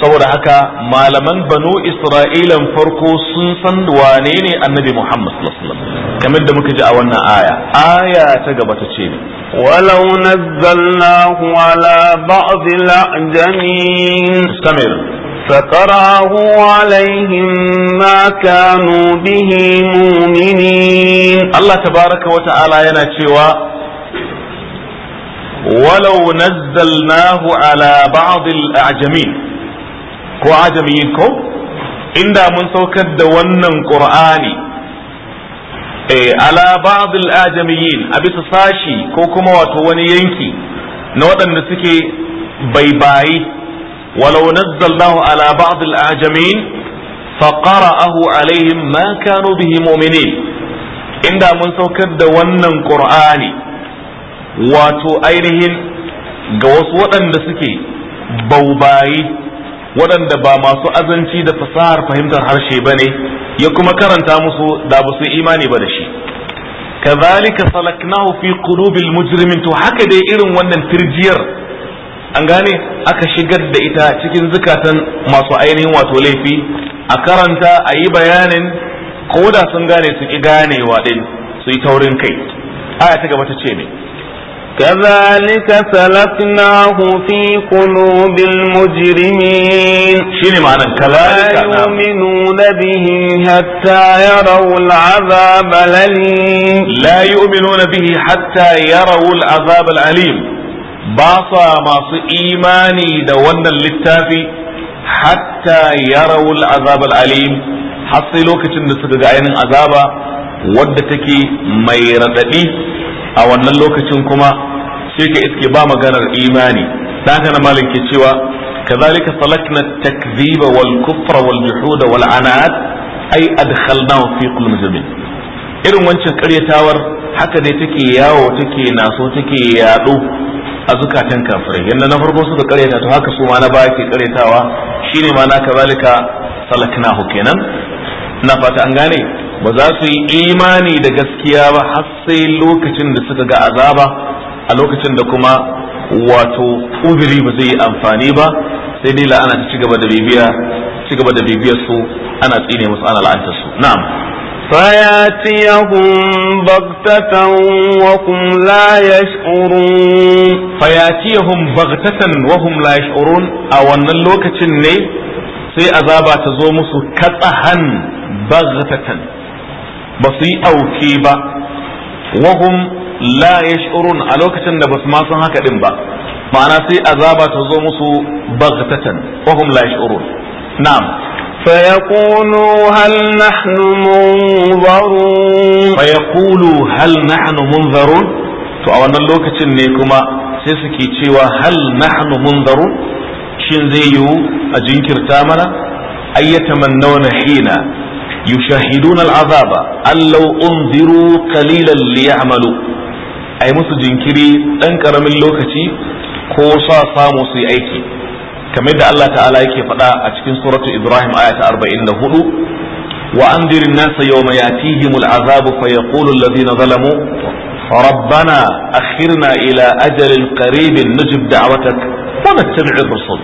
saboda haka malaman banu isra'ila farko sun san wane ne annabi muhammad sallallahu alaihi wasallam kamar da muka ji a wannan aya aya ta gaba ta ce ne walau nazzalnahu ala ba'd al-ajamin istamir فقرأه عليهم ما كانوا به مؤمنين الله تبارك وتعالى يناتي ولو نزلناه على بعض الأعجمين ko ajamiyin ko inda mun saukar da wannan qur'ani eh, ala ba'd al-ajamiyin a bisa sashi ko kuma wato wani yanki na waɗanda suke baibayi walau nazzalnahu ala ba'd al-ajamin faqara'ahu alaihim ma kanu bihi mu'minin inda mun saukar da wannan ƙur'ani wato ainihin ga wasu waɗanda suke baubayi waɗanda ba masu azanci da fasahar fahimtar harshe ba ne ya kuma karanta musu da ba su imani ba da shi kazalika salaknahu fi qulubil mujrimin to haka dai irin wannan firjiyar an gane aka shigar da ita cikin zukatan masu ainihin wato laifi a karanta a yi bayanin ko da sun gane su ki ganewa din su yi taurin kai aya ta gaba ta ce ne كذلك سلكناه في قلوب المجرمين شنو معنى كذلك نعم. لا يؤمنون به حتى يروا العذاب الأليم لا يؤمنون به حتى يروا العذاب الأليم باصا ماص إيماني دونا للتافي حتى يروا العذاب الأليم حصلوا كتن سكا عذابا ودتك take mai a wannan lokacin kuma sai ka iske ba maganar imani da haka na malam ke cewa kazalika salakna takziba wal kufra wal juhuda wal anad ay adkhalna fi kulli zamin irin wancan karyatawar haka dai take yawo take naso take yado a zukatan kafirai yanda na farko suka karyata to haka su ma na baya ke karyatawa shine ma na kazalika salaknahu kenan na fata an gane ba za su yi imani da gaskiya ba har sai lokacin da suka ga azaba a lokacin da kuma wato uzuri ba zai yi amfani ba sai dai la'ana ta cigaba da bibiya cigaba da su ana tsine musu ana la'anta su na'am فياتيهم بغتة وهم لا يشعرون فياتيهم wa وهم la yash'urun a wannan lokacin ne sai azaba ta zo musu katsahan baghtatan ba su yi auki ba wahum la yash'urun a lokacin da ba su ma san haka din ba ma'ana sai azaba ta zo musu baghtatan wahum la yash'urun na'am فيقولوا هل نحن منظرون فيقولوا هل نحن منظرون to a wannan lokacin ne kuma sai suke cewa hal nahnu munzarun shin zai yiwu a jinkirta mana ayyata man nauna hina yushahiduna al'azaba allau unziru qalilan liya'malu ai musu jinkiri ɗan karamin lokaci ko sa samu suyi aiki kamar da Allah ta'ala yake faɗa a cikin suratu Ibrahim aya ta hudu. wa anzirin nasa yawma yatihimul azabu fayaqulu alladhina zalamu ربنا أخرنا إلى أجل قريب نجب دعوتك ونتبع الرسل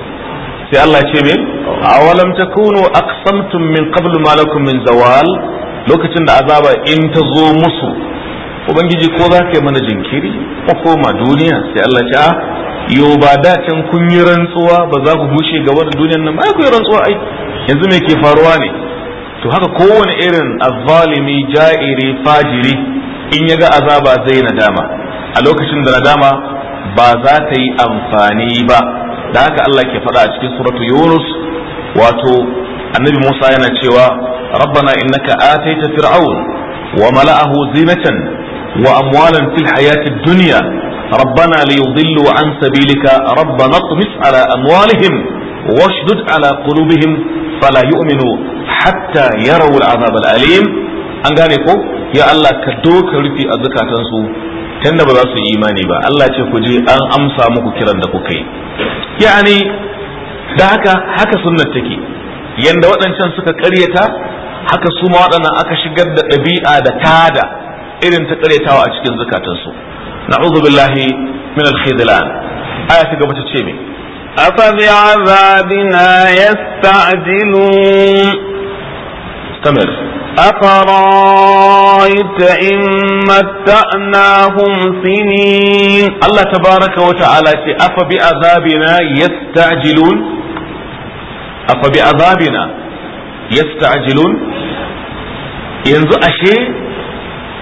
sai Allah ce me awalam takunu aqsamtum min qablu ma lakum min zawal lokacin da azaba in ta zo musu ubangiji ko za ka yi mana jinkiri ko koma duniya sai Allah ce a ah, yo ba da can kun yi rantsuwa ba za ku bushe ga wani duniyar nan ba ku yi rantsuwa ai yanzu me ke faruwa ne to haka kowane irin azzalimi ja'iri fajiri in ya ga azaba zai nadama a lokacin da nadama ba za ta yi amfani ba da haka Allah ke faɗa a cikin suratul Yunus wato annabi Musa yana cewa rabbana innaka ataita fir'aun wa mala'ahu zinatan wa amwalan fil hayatid dunya rabbana liyudillu an sabilika rabbana kumis ala amwalihim washdud ala qulubihim fala yu'minu hatta yarawu al'azab al'alim an gane ko ya Allah ka doka rufi a zakatan su tunda ba za su yi imani ba Allah ce ku je an amsa muku kiran da kuka yi yani da haka haka sunnar take yanda waɗancan suka ƙaryata haka su ma waɗannan aka shigar da ɗabi'a da tada irin ta ƙaryatawa a cikin zukatansu na'udhu billahi min al-khidlan aya ta gaba ta ce me afa bi'azabina yasta'jilun استمر أفرأيت إن متأناهم سنين الله تبارك وتعالى أفبعذابنا يستعجلون أفبعذابنا يستعجلون yanzu ashe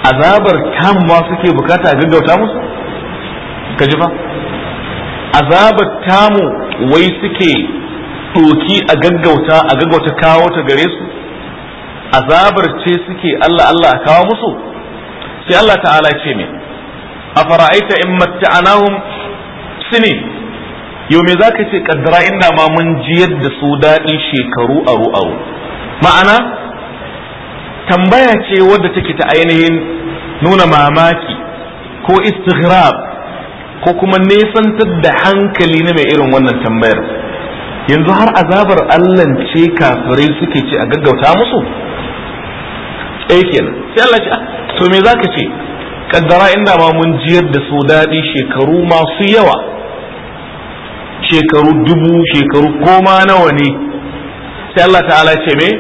azabar tamuwa suke bukata a gaggauta musu ka ji fa azabar tamu wai suke doki a gaggauta a gaggauta kawo ta gare su azabar ce suke Allah Allah kawo musu sai Allah ta'ala ce me afara'aita in matta'anahum sini yau me zaka ce kaddara inda ma mun jiyar da su daɗin shekaru aro aro ma'ana tambaya ce wadda take ta ainihin nuna mamaki ko istighrab ko kuma nesantar da hankali na mai irin wannan tambayar yanzu har azabar Allah ce kafirai suke ce a gaggauta musu ɗaya kenan sai Allah ce ah, to me zaka ce kaddara inda ma mun jiyar da su daɗi shekaru masu yawa shekaru dubu shekaru goma nawa ne sai Allah ta'ala ce me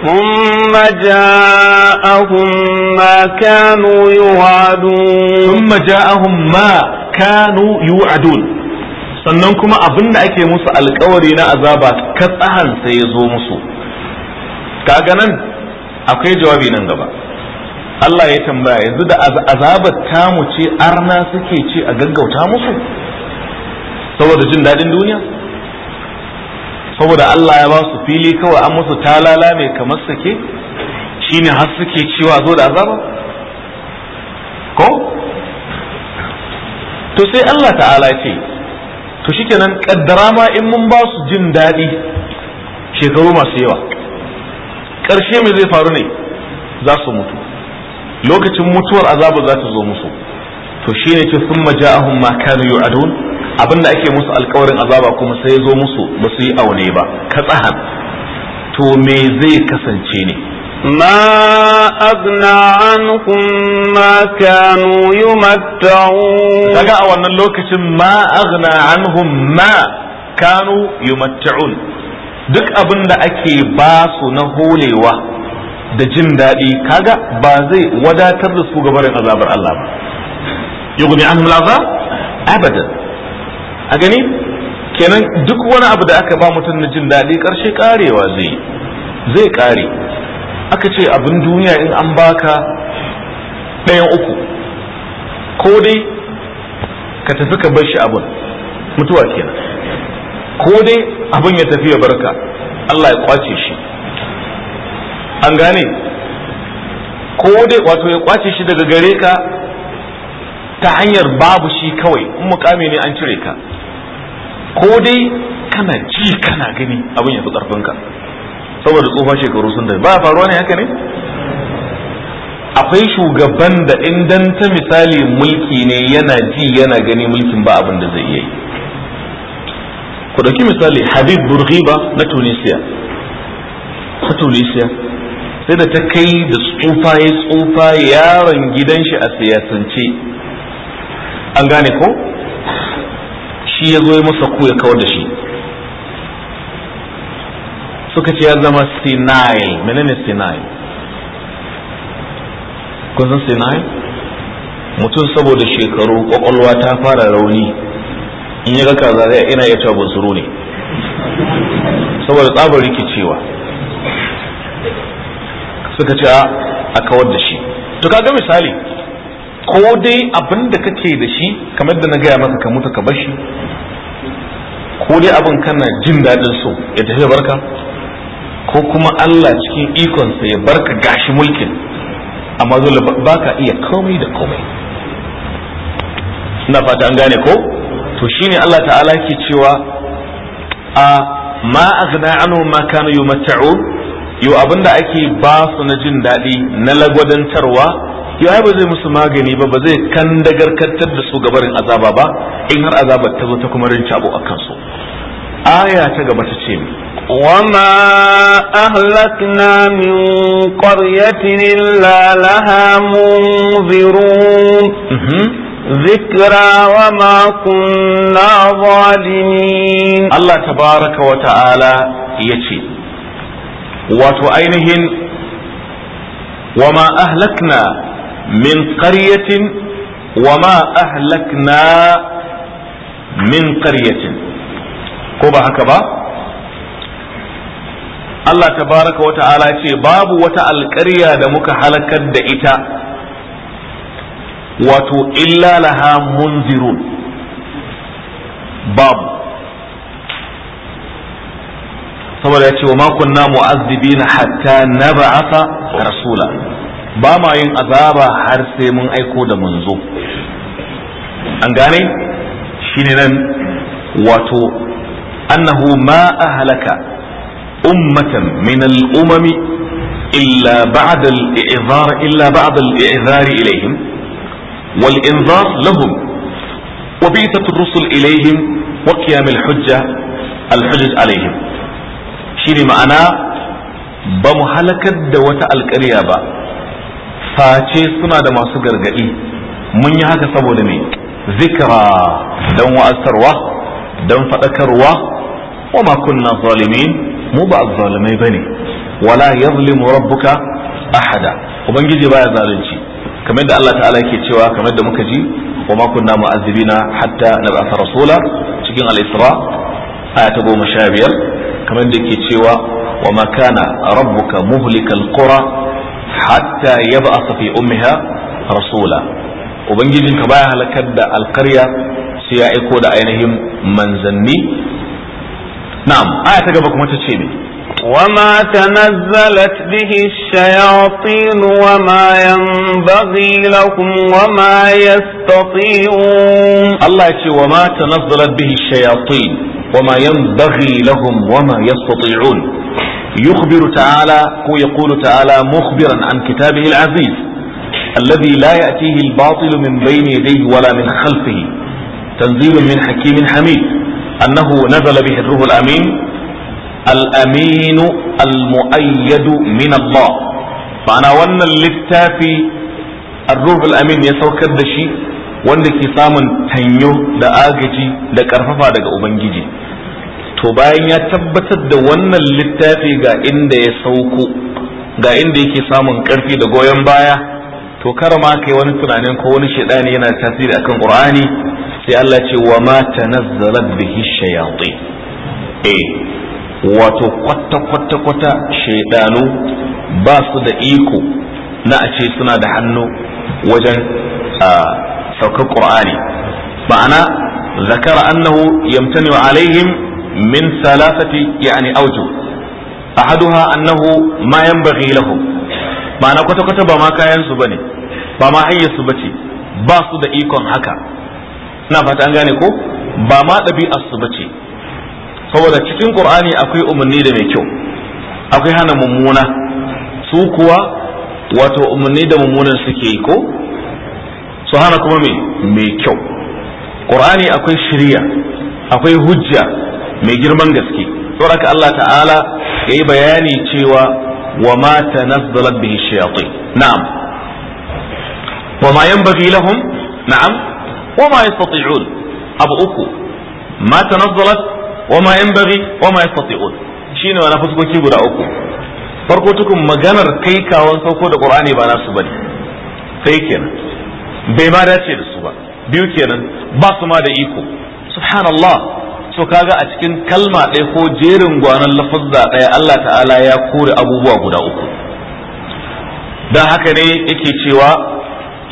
ثم جاءهم ما كانوا يوعدون ثم جاءهم ما كانوا يوعدون sannan kuma abin da ake musu alkawari na azaba ka tsahan ya zo musu kaga nan akwai jawabi nan gaba Allah ya tambaya yanzu da azabar tamu ce arna suke ce a gaggauta musu saboda jin daɗin duniya saboda Allah ya ba su fili kawai an musu talala mai kamar sake shine har suke cewa zo da azaba ko to sai Allah ta'ala ce to shikenan kaddara ma in mun ba su jin daɗi shekaru masu yawa Karshe mai zai faru ne za su mutu lokacin mutuwar azabu za ta zo musu to shi ne ce sun maja'ahun ma kanu yu'adun abinda ake musu alkawarin azaba kuma sai zo musu ba su yi aune ba ka tsahan to me zai kasance ne ما أغنى عنهم ما كانوا يمتعون daga a wannan lokacin ma aghna anhum ma kanu yumatta'un duk abin da ake ba su na holewa da jin daɗi kaga ba zai wadatar da su gabarin azabar Allah ba yughni anhum al'azab abadan a gani kenan duk wani abu da aka ba mutum na jin daɗi karshe karewa zai zai ƙare aka ce abin duniya in an baka ɗayan uku ko dai ka tafi ka bar shi abun mutuwa kenan ko dai abin ya tafi ya barka Allah ya kwace shi an gane ko dai wato ya kwace shi daga gare ka ta hanyar babu shi kawai in mukami ne an cire ka ko dai kana ji kana gani abin ya fi karfinka saboda tsofa shekaru sun da ba faruwa ne haka ne akwai shugaban da in ta misali mulki ne yana ji yana gani mulkin ba abin da zai yi ku dauki misali habib burghiba na tunisia ta tunisia sai da ta kai da tsufa ya tsufa yaron gidan shi a siyasance an gane ko shi ya zo ya masa ku ya kawar da shi suka ce ya zama Sinai, menene Sinai? kun san sinai mutum saboda shekaru kwakwalwa ta fara rauni in ya ga kaza zai ina ya cewa suru ne saboda tsabar rikicewa suka ce a kawar da shi to kaga misali ko dai abin da kake da shi kamar da na gaya maka ka mutu ka bashi ko dai abin kana jin daɗin so ya tafi barka ko kuma Allah cikin ikonsa ya barka gashi mulkin amma zo ba ka iya komai da komai ina fata an gane ko to shine Allah ta'ala ke cewa a ma aghna anu ma kanu yumatta'un yau abinda ake ba su na jin daɗi na lagwadantarwa yau ai ba zai musu magani ba ba zai kan dagarkantar da su gabarin azaba ba in har azabar ta zo ta kuma rinci abu akan su aya ta gaba ta ce وما أهلكنا من قرية إلا لها منذرون ذكرى وما كنا ظالمين الله تبارك وتعالى يتي أينهن وما أهلكنا من قرية وما أهلكنا من قرية كوبا هكبا الله تبارك وتعالى يتي ce وتعالى القرية alƙarya حلكت دئتا wato illa laha munzirun babu saboda ya ce wa makunna mu'azzibina hatta na nab'atha rasula ba ma yin azaba har sai mun aiko da manzo an gane shine nan wato annahu ma halaka. ummatan min al illa ba'da al-i'zar illa wal inzar lahum wa bi'tatu rusul ilaihim wa qiyam al hujja al hujjat alaihim shine ma'ana ba mu halakar da wata alƙarya ba face suna da masu gargadi mun yi haka saboda me zikra dan wa'asarwa dan fadakarwa wa ma kunna mu ba zalimai bane wala yazlimu rabbuka ahada ubangiji baya zalunci kamar da Allah ta'ala yake cewa kamar da muka ji wa ma kunna mu'azzibina hatta nab'atha rasula cikin al-isra aya ta goma sha biyar kamar da yake cewa wa ma kana rabbuka muhlikal qura hatta yab'atha fi ummiha rasula Ubangijin ka baya halakar da alƙarya sai ya aiko da ainihin manzanni na'am aya ta gaba kuma ta ce me وما تنزلت به الشياطين وما ينبغي لهم وما يستطيعون الله يقول وما تنزلت به الشياطين وما ينبغي لهم وما يستطيعون يخبر تعالى هو يقول تعالى مخبرا عن كتابه العزيز الذي لا يأتيه الباطل من بين يديه ولا من خلفه تنزيل من حكيم حميد أنه نزل به الروح الأمين Al-Aminu al-mu'ayyadu min Allah ma'ana wannan littafi ar-ruh al-amin ya saukar da shi wanda ke samun tanyo da agaji da ƙarfafa daga ubangiji to bayan ya tabbatar da wannan littafi ga inda ya sauko ga inda yake samun ƙarfi da goyon baya to kar ma kai wani tunanin ko wani ne yana tasiri akan Ƙur'ani sai Allah ce wa ma tanazzalat bihi shayatin eh wato kwata-kwata-kwata shaidanu ba su da iko na a ce suna da hannu wajen saukar ƙur'ani ma'ana zakara annahu yamtani alaihim min salasati yani auju ahaduha annahu ma yanbaghi lahum ma'ana kwata-kwata ba ma kayan su bane ba ma hayyar su bace ba su da ikon haka na fata an gane ko ba ma ɗabi'ar su bace saboda cikin qur'ani akwai umarni da mai kyau akwai hana mummuna su kuwa wato umarni da mummunan suke yi ko su hana kuma me mai kyau qur'ani akwai shiriya akwai hujja mai girman gaske saboda Allah ta'ala yayi bayani cewa wa ma tanazzalat bihi shayatin na'am wa ma yanbaghi lahum na'am wa ma yastati'un abu uku ma tanazzalat wama yanbaghi wama yastati'un shine wani fuskoki guda uku farko tukun maganar kai kawon sauko da qur'ani ba nasu bane kai kenan bai ma dace da su ba biyu kenan ba su ma da iko subhanallah so kaga a cikin kalma ɗaya ko jerin gwanon lafazza ɗaya Allah ta'ala ya kore abubuwa guda uku da haka ne yake cewa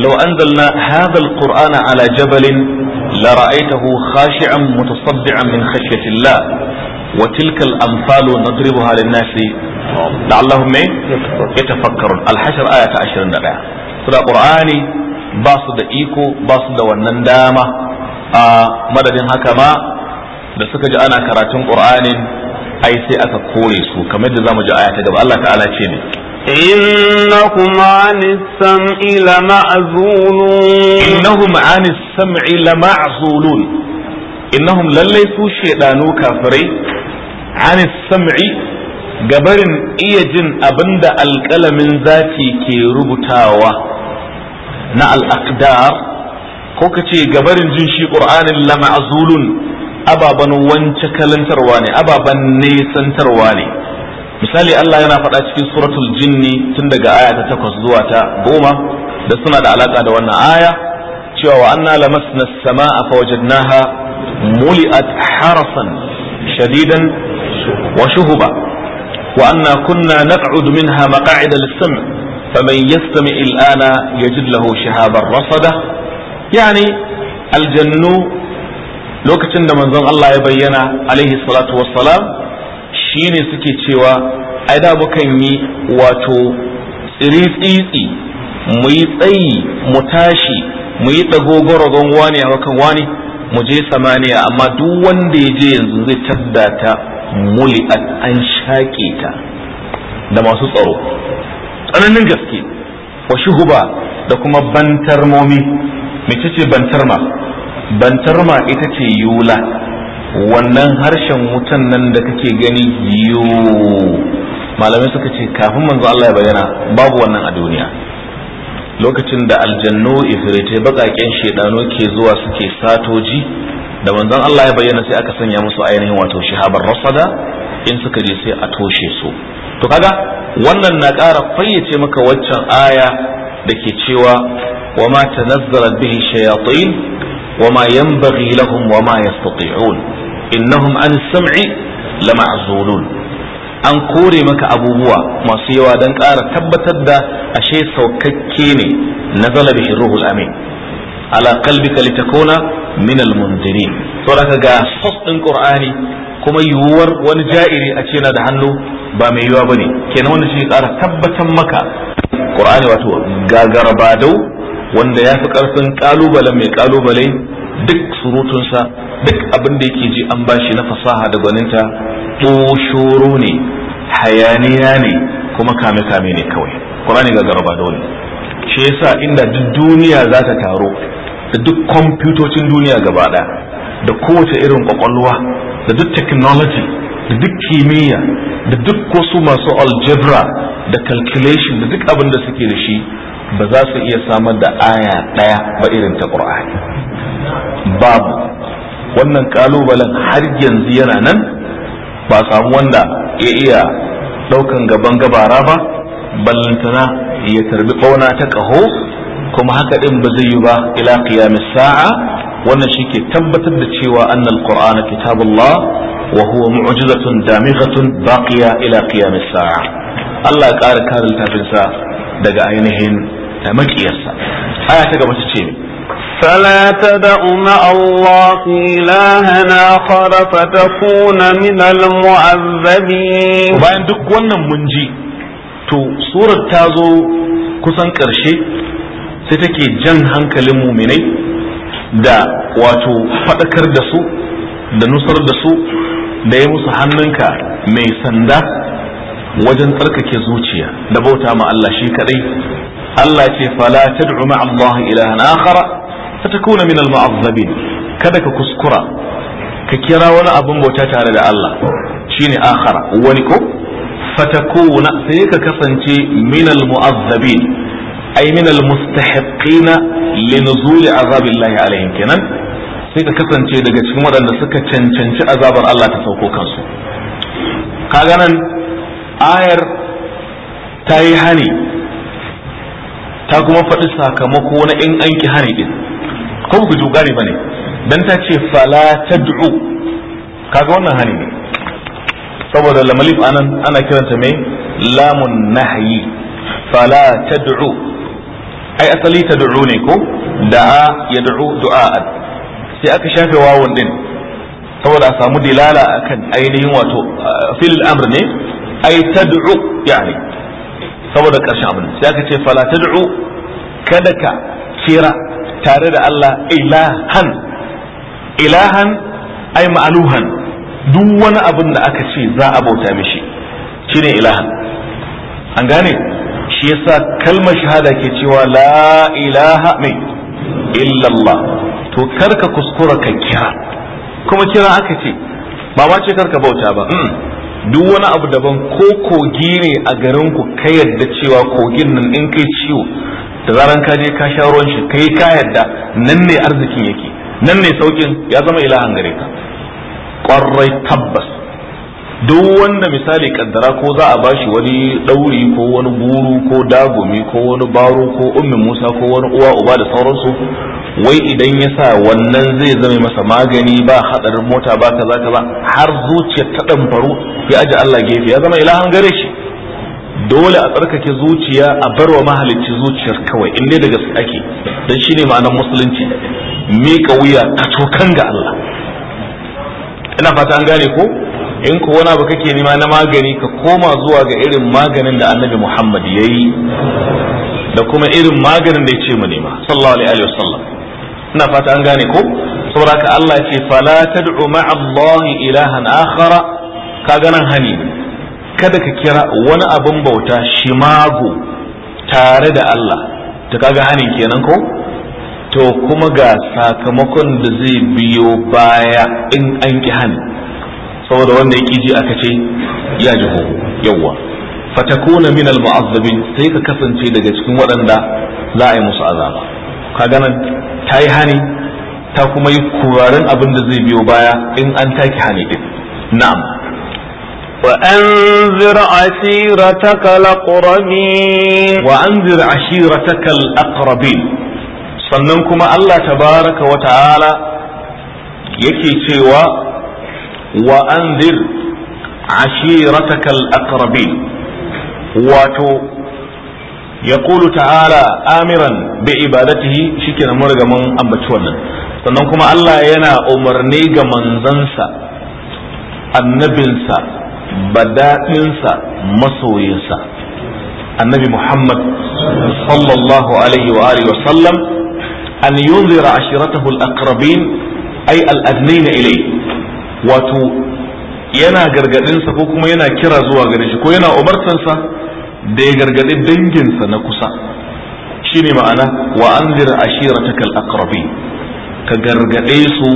law anzalna hadha alqur'ana ala jabalin la ra'aytahu khashi'an mutasaddi'an min khashyati Allah wa tilka al-amsal nadribuha lin-nasi la'allahum yatafakkarun al-hashr aya ta 21 sura qur'ani ba su da iko basu da wannan dama a madadin haka ma da suka ji ana karatun qur'anin ai sai aka kore su kamar da za mu ji aya ta gaba Allah ta'ala ce ne إنكم عن السمع لمعزولون إنهم عن السمع لمعزولون إنهم لليسوا شيطانو كافري عن السمع gabarin iya jin abinda da alƙalamin zati ke rubutawa na al'aqdar ko ka ce gabarin jin shi ƙur'anin lama'azulun ababen wance kalantarwa ne ababen nesantarwa ne misali Allah yana faɗa cikin suratul jinni tun daga aya ta takwas zuwa ta goma da suna da alaƙa da wannan aya cewa wa anna lamasna samaa fa wajadnaha muli'at harasan shadidan wa shuhuba wa anna kunna naq'ud minha maq'ida lis-sam' faman yastami' al-ana yajid lahu shihaban rasada yani al-jannu lokacin da manzon Allah ya bayyana alaihi salatu wassalam ne suke cewa ai da mukan yi wato tsiri-tsitsi mu yi tsayi mu tashi mu yi ɗagogorogon wani a wani mu je samaniya amma duk wanda ya je yanzu zai tabbata muli an shaƙe ta da masu tsaro tsananin gaske wa shuhuba da kuma bantarmomi mai ce bantarma bantarma ita ce yula wannan harshen wutan nan da kake gani yiwu malamai suka ce kafin manzo Allah ya bayyana babu wannan a duniya lokacin da aljannu ifirite bakaken shedano ke zuwa suke satoji da manzon Allah ya bayyana sai aka sanya musu ainihin wato shihabar rasada in suka je sai a toshe su to kaga wannan na ƙara fayyace maka waccan aya da ke cewa wa ma tanazzalat bihi shayatin وما ينبغي لهم وما يستطيعون إنهم عن السمع لمعزولون an kore maka abubuwa masu yawa don ƙara tabbatar da ashe saukakke ne na zalabihin ruhul amin ala kalbika litakuna min almundirin saboda ga sos ɗin ƙur'ani kuma yiwuwar wani ja'iri a cena na da hannu ba mai yiwuwa bane kenan wanda shi ƙara tabbatar maka qur'ani wato gagarabadau wanda ya fi karfin kalubalen mai ƙalubale, duk surutunsa duk abin da yake ji an bashi na fasaha da gwaninta ƙoshoro ne hayaniya ne kuma kame-kame ne kawai ƙwarani ga garba dole shi yasa inda duk duniya za ta taro da duk kwamfutocin duniya gaba da kowace irin kwakwalwa da duk technology da duk kimiyya da duk wasu masu algebra da calculation da duk abin da suke da shi ba za su iya samar da aya ɗaya ba irin ta ƙur'ani babu wannan ƙalubalen har yanzu yana nan ba samu wanda ya iya ɗaukan gaban gabara ba ballantana ya tarbi ɓauna ta ƙaho kuma haka ɗin ba zai yi ba ila qiyamis sa'a wannan shi ke tabbatar da cewa annal qur'ana kitabullah wa huwa mu'jizatun damighatun baqiya ila qiyamis sa'a Allah ya ƙara karin tafinsa daga ainihin makiyarsa aya ta gaba ta ce Allah تدع مع الله إلهنا آخر min من المعذبين bayan duk wannan mun ji to surar ta zo kusan ƙarshe sai take jan hankalin muminai da wato faɗakar da su da nusar da su da ya musu hannunka mai sanda wajen tsarkake zuciya da bauta ma Allah shi kadai Allah ce fala tad'u ma'a Allah ilahan akhara fatakuna min al-mu'azzabin kada ka kuskura ka kira wani abin bauta tare da Allah shine akhara wani ko fatakuna sai ka kasance min al-mu'azzabin ay min al-mustahiqina linuzul azabillahi alaihim kenan sai ka kasance daga cikin waɗanda suka cancanci azabar Allah ta sauko kansu kaga nan ayar ta yi hani ta kuma faɗi sakamako na in an ki hari din ko ku duga ne bane dan ta ce fala tad'u kaga wannan hani ne saboda lamalif anan ana kiranta mai lamun nahyi fala tad'u ai asali tad'u ne ko da'a yad'u du'a sai aka shafe wawun din saboda a samu dilala akan ainihin wato fil amr ne ai tad'u yani saboda ƙarshen abin sai aka ce fala tad'u kada ka kira tare da Allah ilahan ilahan ai ma'aluhan duk wani abin da aka ce za a bauta mishi shine ilahan an gane shi yasa kalmar shahada ke cewa la ilaha mai illallah to karka kuskura ka kira kuma kira aka ce ba ma ce karka bauta ba duk wani abu daban ko kogi ne a garin ku ka yadda cewa kogin nan in kai ciwo da zaran ka je ka sha ruwan shi kai ka yadda nan ne arzikin yake nan ne saukin ya zama ilahan gare ka kwarai tabbas duk wanda misali kaddara ko za a bashi wani dauri ko wani buru ko dagumi ko wani baro ko ummi musa ko wani uwa uba da sauransu wai idan ya sa wannan zai zama masa magani ba hadarin mota ba kaza kaza har zuciya ta dan ya aje Allah gefe ya zama ilahan gare shi dole a tsarkake zuciya a barwa mahalicci zuciyar kawai in dai da gaske ake dan shine ma'anar musulunci miƙa wuya tokan ga Allah ina fata an gane ko in ko wani abu kake nema na magani ka koma zuwa ga irin maganin da annabi Muhammad yayi da kuma irin maganin da ya ce mu nema sallallahu alaihi wasallam ina fata an gane ko saboda ka Allah ce fala tad'u ma'a Allah ilahan akhar ka ganan hani kada ka kira wani abin bauta shimago tare da Allah to kaga hanin kenan ko to kuma ga sakamakon da zai biyo baya in an ki hani saboda wanda ya ji aka ce ya jiho yawwa fatakuna min al-mu'azzabin sai ka kasance daga cikin waɗanda za a yi musu azaba ka ganin ta yi hani ta kuma yi kurarin abin da zai biyo baya in an take hani din na'am وأنذر عشيرتك الأقربين وأنذر عشيرتك الأقربين سننكم الله تبارك وتعالى يكي سوى وأنذر عشيرتك الأقربين واتو yaqulu ta'ala amiran bi ibadatihi shikenan mun riga mun sannan kuma Allah yana umarni ga manzansa annabinsa badaɗinsa masoyinsa annabi Muhammad sallallahu alaihi wa alihi wa sallam an yunzira ashiratahu al-aqrabin ay al-adnina ilayhi wato yana gargadinsa ko kuma yana kira zuwa gare shi ko yana umartansa da ya gargaɗi danginsa na kusa shine ma'ana wa anzir ashirataka al ka gargaɗe su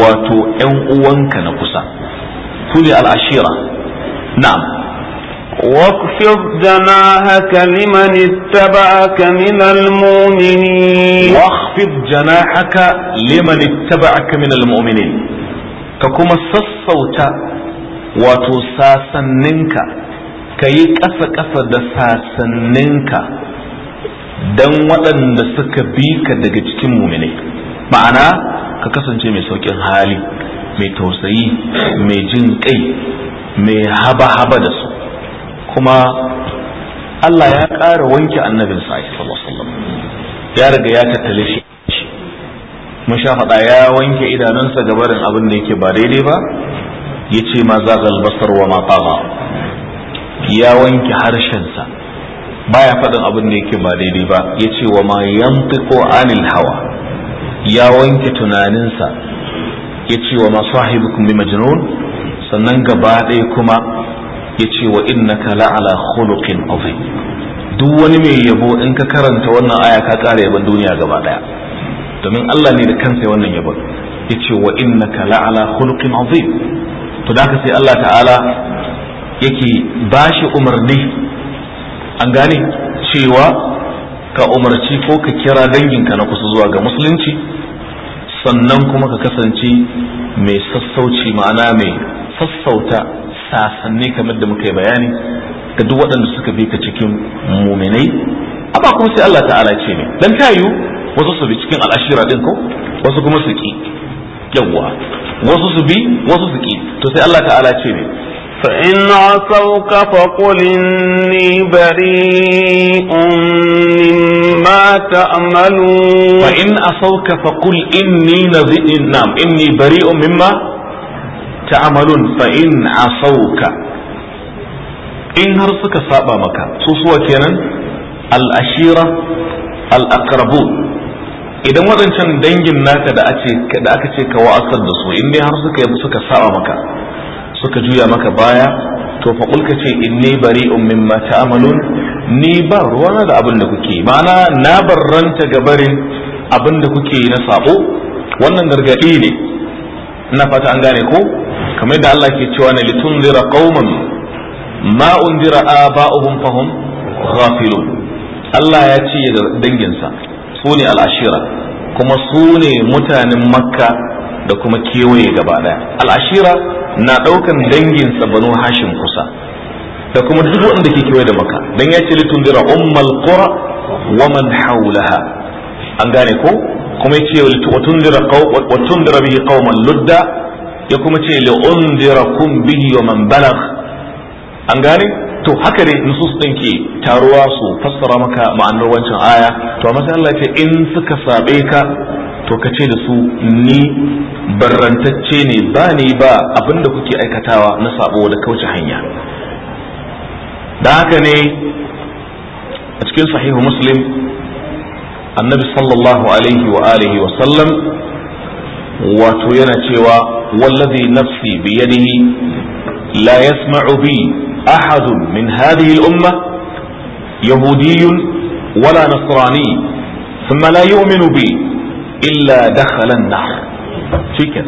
wato ƴan uwanka na kusa ku ne al-ashira na'am واخفض جناحك لمن اتبعك من المؤمنين واخفض جناحك لمن اتبعك من المؤمنين ككما سسوت وتساسننك ka yi ƙasa-ƙasa da sasanninka don waɗanda suka bi ka daga cikin muminai ma'ana ka kasance mai sauƙin hali mai tausayi mai jin ƙai, mai haba-haba da su kuma Allah ya ƙara wanke annabin sa ya riga ya tattale shi mun sha faɗa ya wanke idanunsa ga barin abin da yake ba daidai ba ya ce ma zagal basar wa ma ya wanke harshensa baya faɗin abin da yake ba daidai ba ya ce wa ma yantiqu anil hawa ya wanke tunaninsa ya ce wa ma sahibukum bi majnun sannan gaba ɗaya kuma ya ce wa innaka la'ala khuluqin azim duk wani mai yabo in ka karanta wannan aya ka ƙara yabon duniya gaba ɗaya domin Allah ne da kansa wannan yabon ya ce wa innaka la'ala khuluqin azim to da sai Allah ta'ala yake ba shi umarni an gane cewa ka umarci ko ka kira danginka na kusa zuwa ga musulunci sannan kuma ka kasance mai sassauci ma'ana mai sassauta sasanni kamar da muka yi bayani ga duk waɗanda suka bi ka cikin muminai amma kuma sai Allah ta'ala ce ne dan tayu wasu su bi cikin al'ashira din ko wasu kuma su ki yawwa wasu su bi wasu su ki to sai Allah ta'ala ce ne فإن عصوك فقل إني بريء مما تأملون فإن عصوك فقل إني نذير نعم إني بريء مما تأملون فإن عصوك إن هرسك سابا مكا سوسوا كينا الأشيرة الأقربون idan waɗancan dangin naka da aka ce ka wa'asar da su in dai har suka yi suka saba maka suka juya maka baya to fa kulka ce inni bari'un mimma ta'malun ni ba ruwana da abin da kuke ma'ana na barranta ga barin abin da kuke na sabo wannan gargadi ne ina fata an gane ko kamar da Allah ke cewa ne litunzira qauman ma undira aba'uhum fahum ghafilun Allah ya ce dangin danginsa sune ne al'ashira kuma sune mutanen makka da kuma kewaye gaba daya al'ashira na daukan danginsa banu hashim kusa da kuma duk wanda ke kewaye da maka dan ya ce litundira ummal qura wa man hawlaha an gane ko kuma ya ce litundira watundira bihi qauman ludda ya kuma ce liundirakum bihi wa man balagh an gane to haka ne nusus din ke taruwa su fassara maka ma'anar wancan aya to a Allah ce in suka sabe ka to ka ce da su ni barrantacce ne ba ni ba abinda kuke aikatawa na sabo da kauce hanya da haka ne a cikin sahihu muslim annabi sallallahu alaihi wa alihi wa sallam wato yana cewa wallazi nafsi biyadihi la yasma'u bi أحد من هذه الأمة يهودي ولا نصراني ثم لا يؤمن بي إلا دخل النار shi ke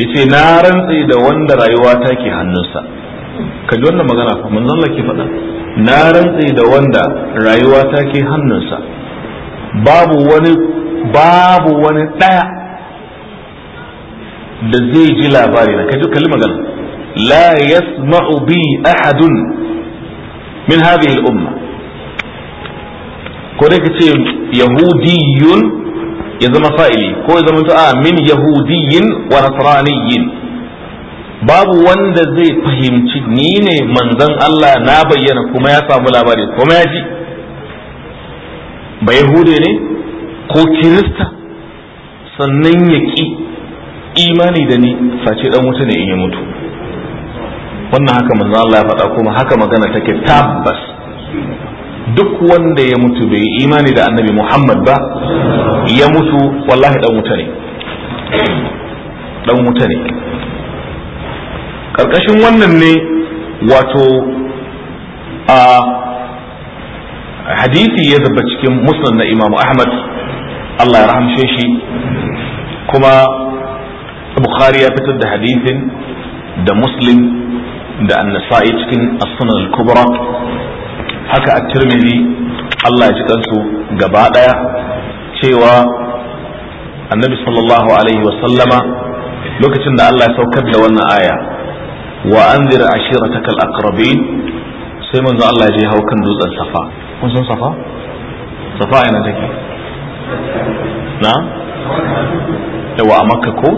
yace na rantse da wanda rayuwa ta ke hannunsa ka ji wannan magana fa manzon Allah ke faɗa na rantse da wanda rayuwa ta ke hannunsa babu wani babu wani daya da zai ji labari na kaji kalli magana لا يسمع بي أحد من هذه الأمة كوريك يهودي يزم فائلي كو يزم من يهودي ونصراني babu wanda zai fahimci ni ne manzon Allah na bayyana kuma ya samu labari kuma ya ji ba yahude ne ko kirista sannan ya ƙi imani da ni face dan wuta ne in ya mutu wannan haka manzo Allah ya faɗa kuma haka magana take tabbas duk wanda ya mutu bai yi imani da annabi Muhammad ba ya mutu wallahi dan wuta ne dan wuta karkashin wannan ne wato a hadisi ya zaba cikin musnad na Imam Ahmad Allah ya rahamshe shi kuma Bukhari ya fitar da hadisin da Muslim da annasai cikin as-sunan al-kubra haka at-tirmidhi Allah ya ci kansu gaba daya cewa annabi sallallahu alaihi wa sallama lokacin da Allah ya saukar da wannan aya wa anzir ashiratakal aqrabin sai manzo Allah ya je hau kan dutsen safa kun san safa safa ina take na yawa a makka ko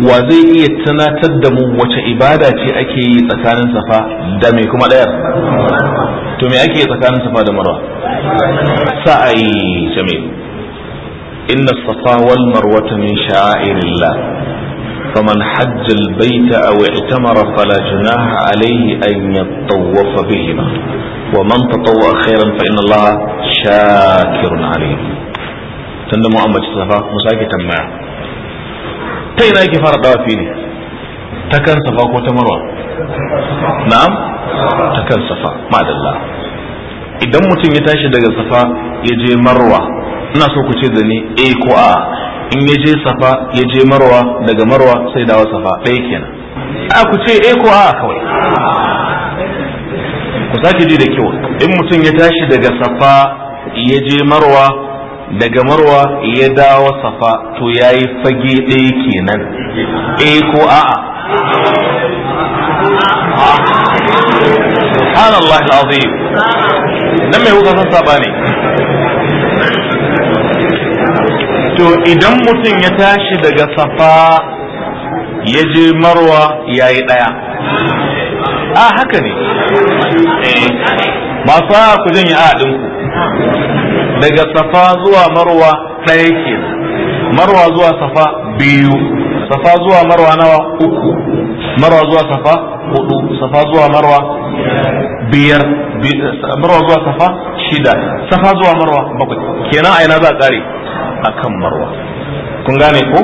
wa zai iya tunatar da mu wace ibada ce ake yi tsakanin safa da mai kuma ɗayar to me ake yi tsakanin safa da marwa sa'ai jamil inna safa wal marwata min sha'airillah faman hajja albayta aw i'tamara fala junaha alayhi an yatawwafa bihima wa man tatawwa khairan fa inna allaha shakirun alim tunda mu ambaci safa mu sake tambaya ta ina yake fara dawafi ne ta kan safa ko ta marwa na'am ta kan safa madalla idan mutum ya tashi daga safa ya je marwa ina so ku ce da ni eh ko a in ya je safa ya je marwa daga marwa sai dawo safa ɗaya kenan a ku ce eh ko a kawai ku sake ji da kyau in mutum ya tashi daga safa ya je marwa daga marwa ya dawo safa to ya yi fage ɗaya kenan eh ko a'a subhan Allah azim nan mai kuka san saba ne to idan mutum ya tashi daga safa ya je marwa ya yi ɗaya a ah, haka ne ba eh. sa ku janye a ɗinku daga safa zuwa marwa ɗaya kenan marwa zuwa safa biyu safa zuwa marwa nawa uku marwa zuwa safa hudu safa zuwa marwa biyar marwa zuwa safa shida safa zuwa marwa bakwai kenan aina za a kare kan marwa kun gane ko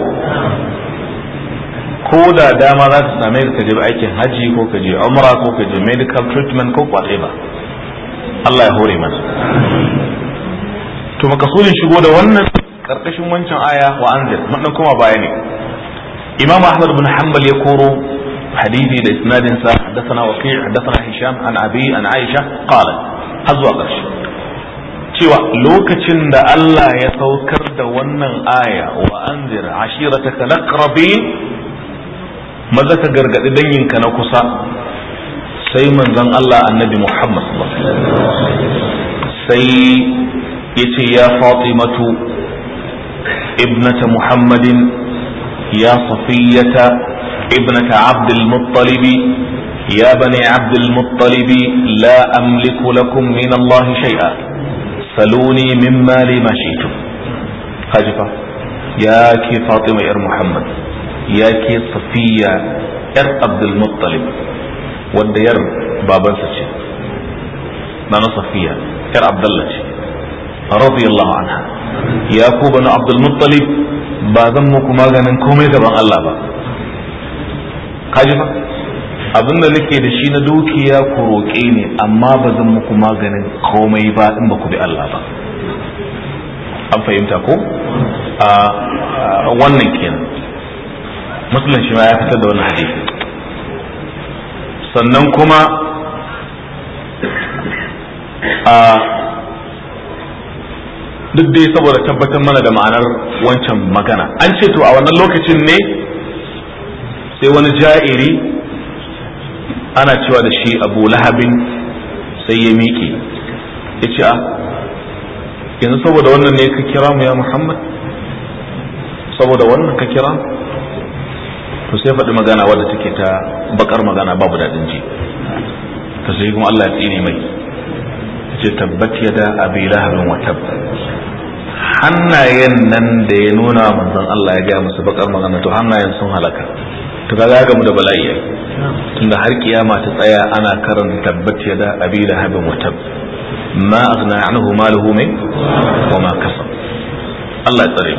ko da dama za ta same ka je aikin haji ko ka je umra ko ka je medical treatment ko whatever Allah ya hore mana to makasudin shigo da wannan karkashin wancan aya wa anzir wannan kuma baya ne imam ahmad bin hanbal ya koro hadisi da isnadin sa hadathana waqi' hadathana hisham an abi an aisha qala hazwa qashi cewa lokacin da Allah ya saukar da wannan aya wa anzir ashirataka laqrabin maza ka gargadi danyinka na kusa sai manzon Allah annabi Muhammad sallallahu alaihi wasallam sai yace يا فاطمة ابنة محمد يا صفية ابنة عبد المطلب يا بني عبد المطلب لا أملك لكم من الله شيئا سلوني مما لي ما شئتم خجفة يا كي فاطمة يا محمد يا كي صفية ار عبد المطلب والدير بابا سجد نانو صفية ار عبد الله radiyallahu anha ya ku banu abdul muttalib ba zan muku maganin komai daban Allah ba kaji abin da nake da shi na dukiya ku roƙe ne amma ba zan muku maganin komai ba in ba ku bi Allah ba an fahimta ko a wannan kenan musulun shi ma ya fitar da wannan hadisi sannan kuma a duk dai saboda tabbatar mana da ma'anar wancan magana an ce to a wannan lokacin ne sai wani ja'iri ana cewa da shi abu lahabin sai ya miƙe ya ce a ah, yanzu saboda wannan ne ka kira mu ya muhammad saboda wannan ka kira to sai faɗi magana wadda take ta bakar magana babu daɗin ji ta sai kuma allah ya tsine mai je tabbat yada abi lahabin wata hannayen nan da ya nuna manzon Allah ya gaya musu bakar magana to hannayen sun halaka to ga ga mu da bala'i tunda har kiyama ta tsaya ana karanta tabbat yada abi lahabin wata ma aghna anhu maluhu min wa ma kasab Allah ya tsare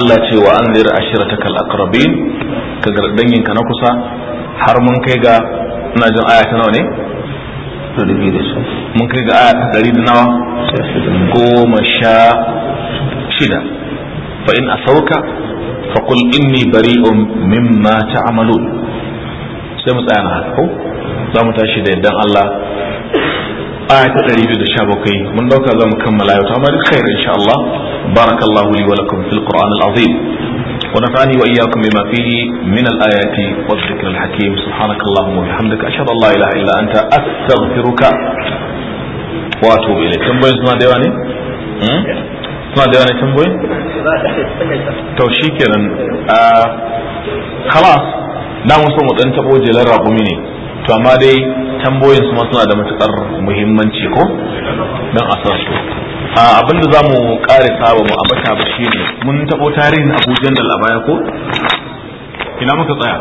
Allah ce wa anzir ashiratakal aqrabin ka gardanyin ka na kusa har mun kai ga ina jin aya ta nawa ne mun kai ga aya ɗari da nawa goma sha shida fa in asauka fa kul inni bari'un mimma ta'malun sai mu tsaya na haka ko za mu tashi da yaddan Allah aya ta ɗari da sha bakwai mun dauka za mu kammala yau ta amma duk khair insha Allah barakallahu li wa lakum fil qur'an azim ونفعني وإياكم بما فيه من الآيات والذكر الحكيم سبحانك اللهم وبحمدك أشهد أن لا إله إلا أنت أستغفرك وأتوب إليك تنبوي سنا ديواني سنا ديواني تنبوي توشيك آه خلاص na musu mu dan tabo jelar ragumi ne to amma dai tambayoyin su ma suna da matukar muhimmanci ko dan a san su Abin za mu kare saba mu ambata ba shi ne mun taɓo tarihin abu jandal a baya ko ina muka tsaya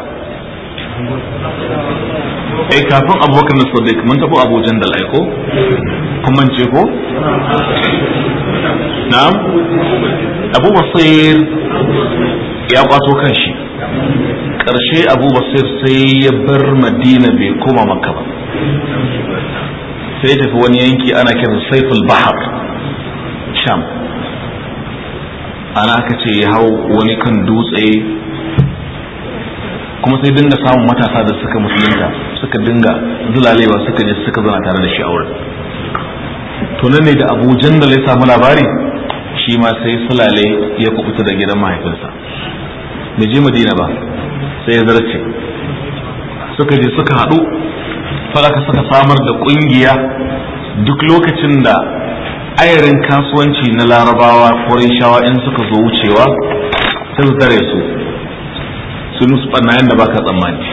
eh kafin abubakar na sadiq mun taɓo abu jandal ai ko kun ce ko na'am abu basir ya kwato kan shi ƙarshe abu basir sai ya bar madina bai koma makka ba sai tafi wani yanki ana kiran saiful bahar sham ana aka ce ya hau wani kan dutse kuma sai dinga samun matasa da suka musulunta suka dinga zulalewa suka je suka zana tare da shi a wurin to nan ne da abu jandal ya samu labari shi ma sai sulale ya kubuta da gidan mahaifinsa bai je madina ba sai ya zarce suka je suka haɗu faɗaka suka samar da ƙungiya duk lokacin da ayarin kasuwanci na larabawa shawa in suka zo wucewa sai su tare su su ɓanna yadda da baka tsammani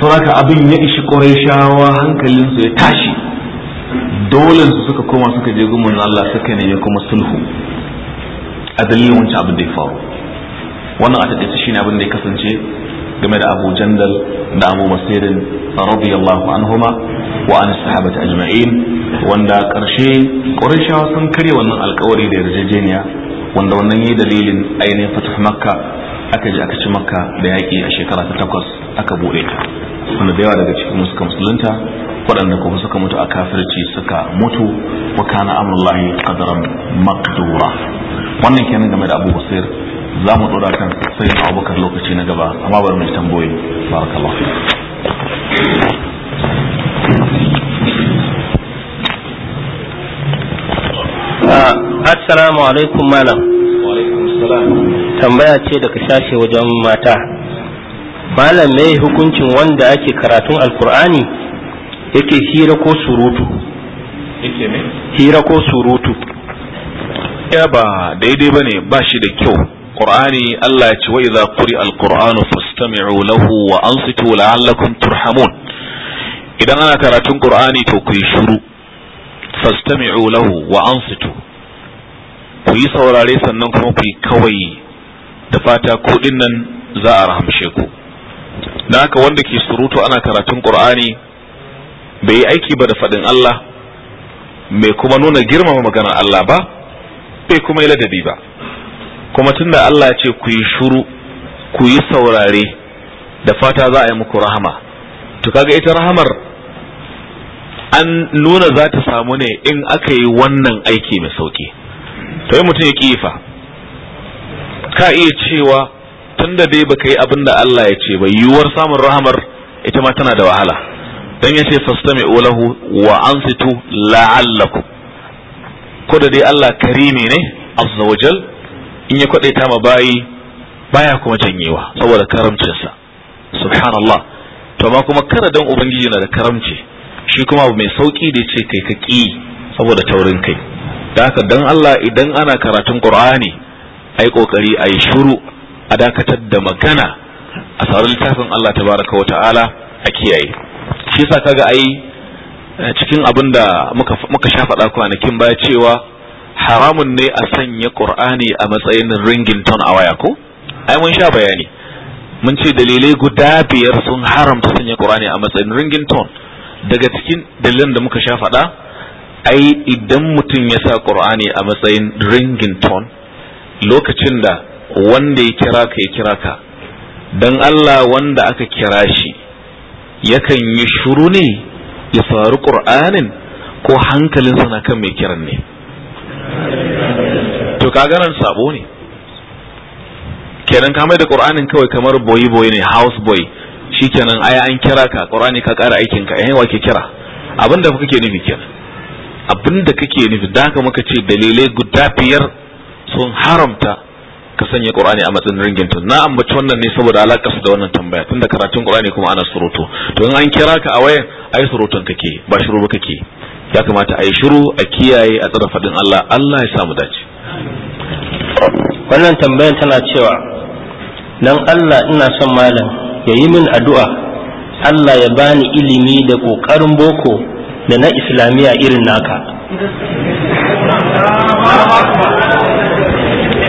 to haka abin ya ishi shawa hankalinsu ya tashi dole su suka koma suka je gumin Allah suka ne ya kuma sulhu a dalilin wancan abin da ya faru wannan a taƙaice shine abin da ya kasance game da Abu Jandal da Abu Masirin radiyallahu anhuma wa an sahabata ajma'in wanda karshe ƙurashawa sun karya wannan alkawari da yarjejeniya wanda wannan yi dalilin ainihin fatah makka aka ji aka ci makka da yaƙi a shekara ta takwas aka buɗe ta wanda da yawa daga cikin suka musulunta waɗanda kuma suka mutu a kafirci suka mutu wa kana amrullahi qadaran maqdura wannan kenan game da Abu Basir za mu ɗora kan sai Abubakar lokaci na gaba amma bari mu tambaye barakallahu Ah, assalamu alaikum malam tambaya ce daga sashe wajen mata malam mai hukuncin wanda ake karatun alkur'ani yake hira ko surutu hira ko surutu ya ba daidai ba ne ba shi da kyau ƙur'ani Allah ya ce wa idza quri alqur'anu fastami'u lahu wa ansitu la'allakum turhamun idan ana karatun ƙur'ani to ku yi shiru fastami'u lahu wa ansitu ku yi saurare sannan kuma ku yi kawai da fata kuɗin nan za a rahamshe ku da haka wanda ke surutu ana karatun qur'ani bai yi aiki ba da faɗin Allah mai kuma nuna girmama maganar Allah ba bai kuma yi ladabi ba kuma tunda Allah ya ce ku yi shuru ku yi saurare da fata za a yi muku rahama to kaga ita rahamar an nuna za ta samu ne in aka yi wannan aiki mai sauki to mutum ya kifa ka iya cewa tun da dai baka yi abin da Allah ya ce ba yiwuwar samun rahamar ita ma tana da wahala dan ya ce fastami olahu wa ansitu la'allaku. ko da dai Allah karimi ne azzawajal in ya ta ma bayi baya kuma janyewa saboda karamcinsa subhanallah to ma kuma karadan ubangiji na da karamci shi kuma mai sauki da ce kai ka ƙi saboda taurin kai da haka dan Allah idan ana karatun Qur'ani ai kokari ai shuru a dakatar da magana a sauran littafin Allah tabaraka wa ta'ala a kiyaye shi yasa kaga ai eh, cikin abin da muka muka shafaɗa kwanakin baya cewa haramun ne a sanya Qur'ani a matsayin ringin ton a waya ko ai mun sha bayani mun ce dalilai guda biyar sun haramta sanya Qur'ani a matsayin ringin ton. daga cikin dalilan da muka sha faɗa ai idan mutum ya sa ƙur'ani a matsayin ringington lokacin da wanda ya kira ka ya kira ka don Allah wanda aka kira shi yakan yi shuru ne ya faru ƙur'anin ko hankalinsa na kan mai kiran ne to ka nan sabo ne kenan ka da ƙur'anin kawai kamar boyi boyi ne house boy shikenan ai an kira ka qur'ani ka kara aikin ka eh wa ke kira abinda kake nufi kenan abinda kake nufi da haka muka ce dalilai guda biyar sun haramta ka sanya qur'ani a matsayin ringinta na ambaci wannan ne saboda alakar su da wannan tambaya tunda karatun qur'ani kuma ana surutu to in an kira ka a wayan ai suruton kake ba shiru ba kake ya kamata ai shiru a kiyaye a tsara fadin Allah Allah ya samu dace wannan tambayan tana cewa dan Allah ina son malam ya yi min addu'a Allah ya bani ilimi da ƙoƙarin boko da na islamiyya irin naka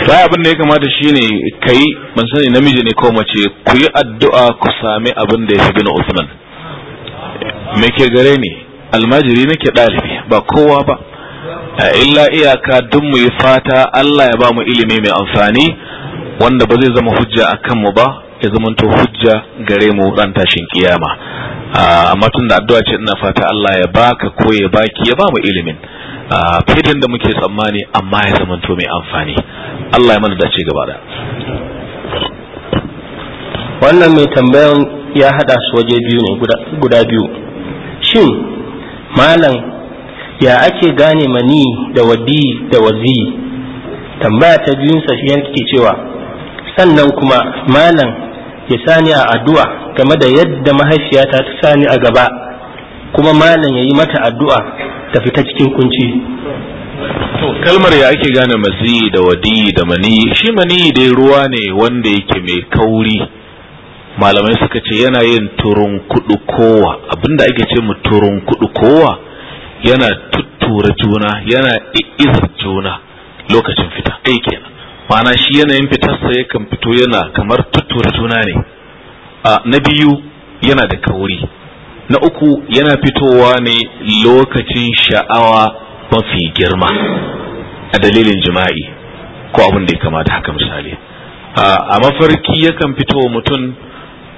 sai abin da ya kamata shine kai ban sani namiji ne ko mace ku yi addu'a ku sami abin da ya fi gina Usman me ke gare ni almajiri nake ɗalibi ba kowa ba illa iyaka duk mu yi fata Allah ya ba mu ilimi mai amfani wanda ba zai zama hujja a kanmu ba ya to hujja gare mu ran tashin kiyama ah, amma tun da addu'a ce ina fata Allah ya baka ko ya baki ya ba mu ilimin ah, fitin da muke tsammani amma ya to mai amfani Allah ya mana dace gaba da wannan mai tambayan ya hada su waje biyu ne guda biyu shin malam ya ake gane mani da wadi da wazi tambaya ta biyunsa shi yake cewa sannan kuma malam ya sani a addu'a game da yadda mahaifiyata ta sani a gaba kuma malam ya yi mata addu'a ta fita cikin kunci to kalmar ya ake gane mazi da wadi da mani shi mani dai ruwa ne wanda yake mai kauri malamai suka ce yana yin turun kudu kowa abinda ake ce mu turun kudu kowa yana tuttura juna yana izzar juna lokacin fita kai kenan mana shi yanayin fitarsa yakan fito yana kamar tuttura juna ne na biyu yana da kauri na uku yana fitowa ne lokacin sha'awa mafi girma a dalilin jima'i ko abin da ya kama haka misali a mafarki yakan fito mutum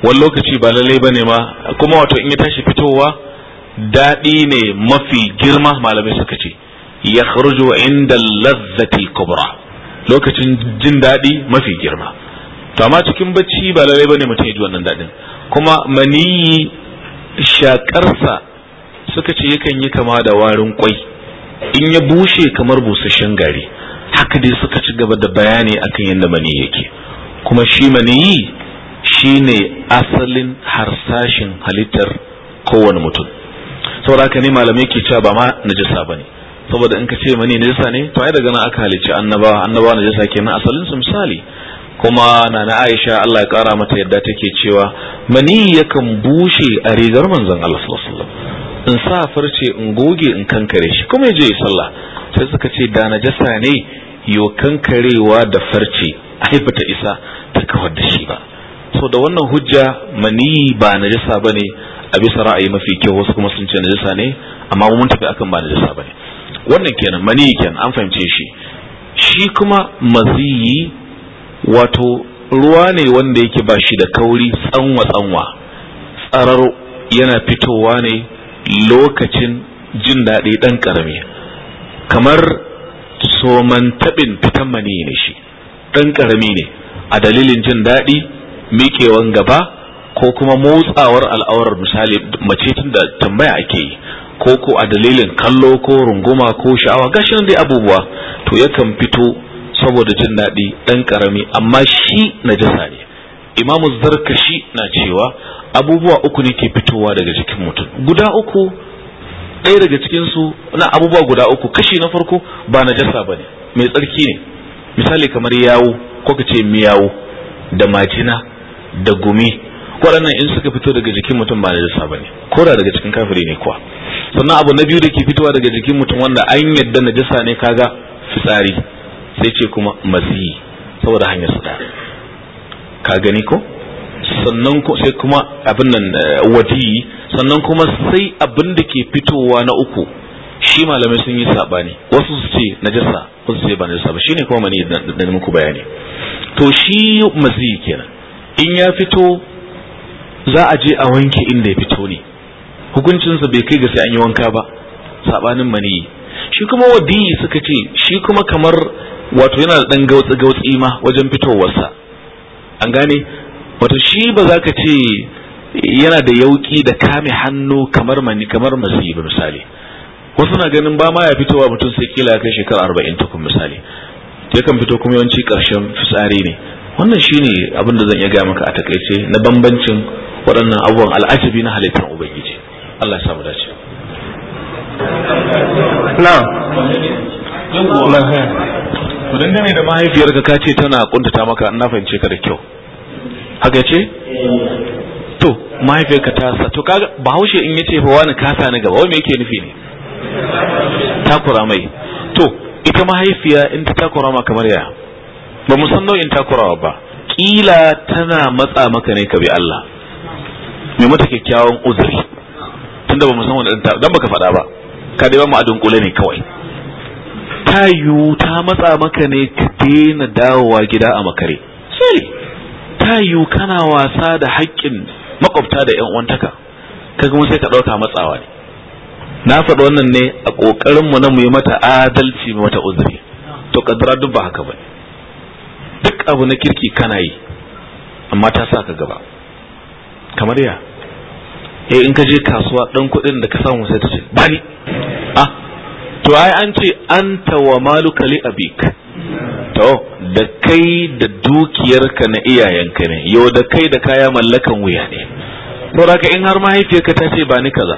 wani lokaci ba lallai ba ne ma kuma wato in ya tashi fitowa daɗi ne mafi girma malamai suka ce ya inda lazzati kubra lokacin jin daɗi mafi girma to amma cikin bacci ba lalai bane mutum ya ji wannan daɗin kuma maniyi shakarsa suka ce yakan yi kama da warin kwai in ya bushe kamar busasshen gari haka dai suka ci gaba da bayani akan yadda mani yake kuma shi maniyi shine asalin harsashin halittar kowane mutum saboda haka ne malamai ke cewa ba ma najisa bane saboda in ka ce mani najasa ne to ai daga nan aka halicci annaba annaba najasa kenan asalin su misali kuma na na Aisha Allah ya kara mata yadda take cewa mani yakan bushe a rigar manzon Allah sallallahu alaihi wasallam in sa farce in goge in kankare shi kuma je sallah sai suka ce da najasa ne yo kankarewa da farce ai bata isa ta kawar da shi ba so da wannan hujja mani ba najasa bane a bisa ra'ayi mafi kyau wasu kuma sun ce najasa ne amma mun tafi akan ba najasa bane wannan kenan mani kenan an fahimce shi shi kuma maziyi wato ruwa ne wanda yake ba shi da kauri tsanwa tsanwa tsarar yana fitowa ne lokacin jin daɗi ɗan ƙarami kamar soman taɓin fitan mani ne shi ɗan ƙarami ne a dalilin jin daɗi miƙewan gaba ko kuma motsawar al'aurar misali mace tun da tambaya ake yi ko ko a dalilin kallo ko runguma ko sha'awa gashi gashin dai abubuwa to yakan fito saboda jin daɗi ɗan ƙarami amma shi najasa ne imamu zarkashi na cewa abubuwa uku ne ke fitowa daga jikin mutum guda uku ɗaya daga cikinsu na abubuwa guda uku kashi na farko ba najasa ba ne mai tsarki ne misali kamar yawo ko ka miyawo da majina da gumi waɗannan in suka fito daga jikin mutum ba najasa ne ko da daga cikin kafiri ne kuwa sannan abu na biyu da ke fitowa daga jikin mutum wanda an yadda najasa ne kaga fitsari sai ce kuma masihi saboda hanyar su ka gani ko sannan sai kuma abin nan eh, wadi sannan kuma sai abin da ke fitowa na uku shi malamai sun yi sabani wasu su ce najasa wasu su ce ba najasa ba shine kuma mani da muku bayani to shi masihi kenan in ya fito za a je a wanke inda ya fito ne hukuncinsa bai kai ga sai an yi wanka ba sabanin maniyi shi kuma wadiyi suka ce shi kuma kamar wato yana da dan gautsi gautsi ma wajen fitowarsa an gane wato shi ba za ka ce yana da yauki da kame hannu kamar mani kamar masiyi ba misali wasu na ganin ba ma ya fitowa mutum sai kila ya kai shekara arba'in tukun misali yakan fito kuma yawanci ƙarshen fitsari ne wannan shine abin da zan iya gaya maka a takaice na bambancin waɗannan abubuwan al'ajabi na halittar ubangiji Allah samu dace na'am dangane da mahaifiyarka ka ce tana kuntata maka na fahimce ka da kyau haka ce to mahaifiyarka ta sa to kaga bahaushe in yace fa wani kasa ni gaba wai me yake nufi ne takura mai to ita mahaifiya in ta takura ma kamar yaya ba mu san nau'in takurawa ba kila tana matsa maka ne ka bi Allah mai mata kyakkyawan uzuri tunda ba mu san wani dan baka faɗa ba ka dai ba mu adun ne kawai ta yu ta matsa maka ne ka daina dawowa gida a makare sai ta yu kana wasa da haƙƙin makwabta da ƴan uwantaka kaga mu sai ka ɗauka matsawa ne na faɗi wannan ne a ƙoƙarinmu mu na mu yi mata adalci mu mata uzuri to kaddara duk ba haka bane duk abu na kirki kana yi amma ta sa ka gaba kamar ya eh in ka je kasuwa dan kuɗin da ka samu sai ta ce bani ah to ai an ce anta wa maluka li abik to da kai da dukiyarka na iyayenka ne yau da kai da kaya mallakan wuya ne saboda in har mahaifiyarka ta ce ba kaza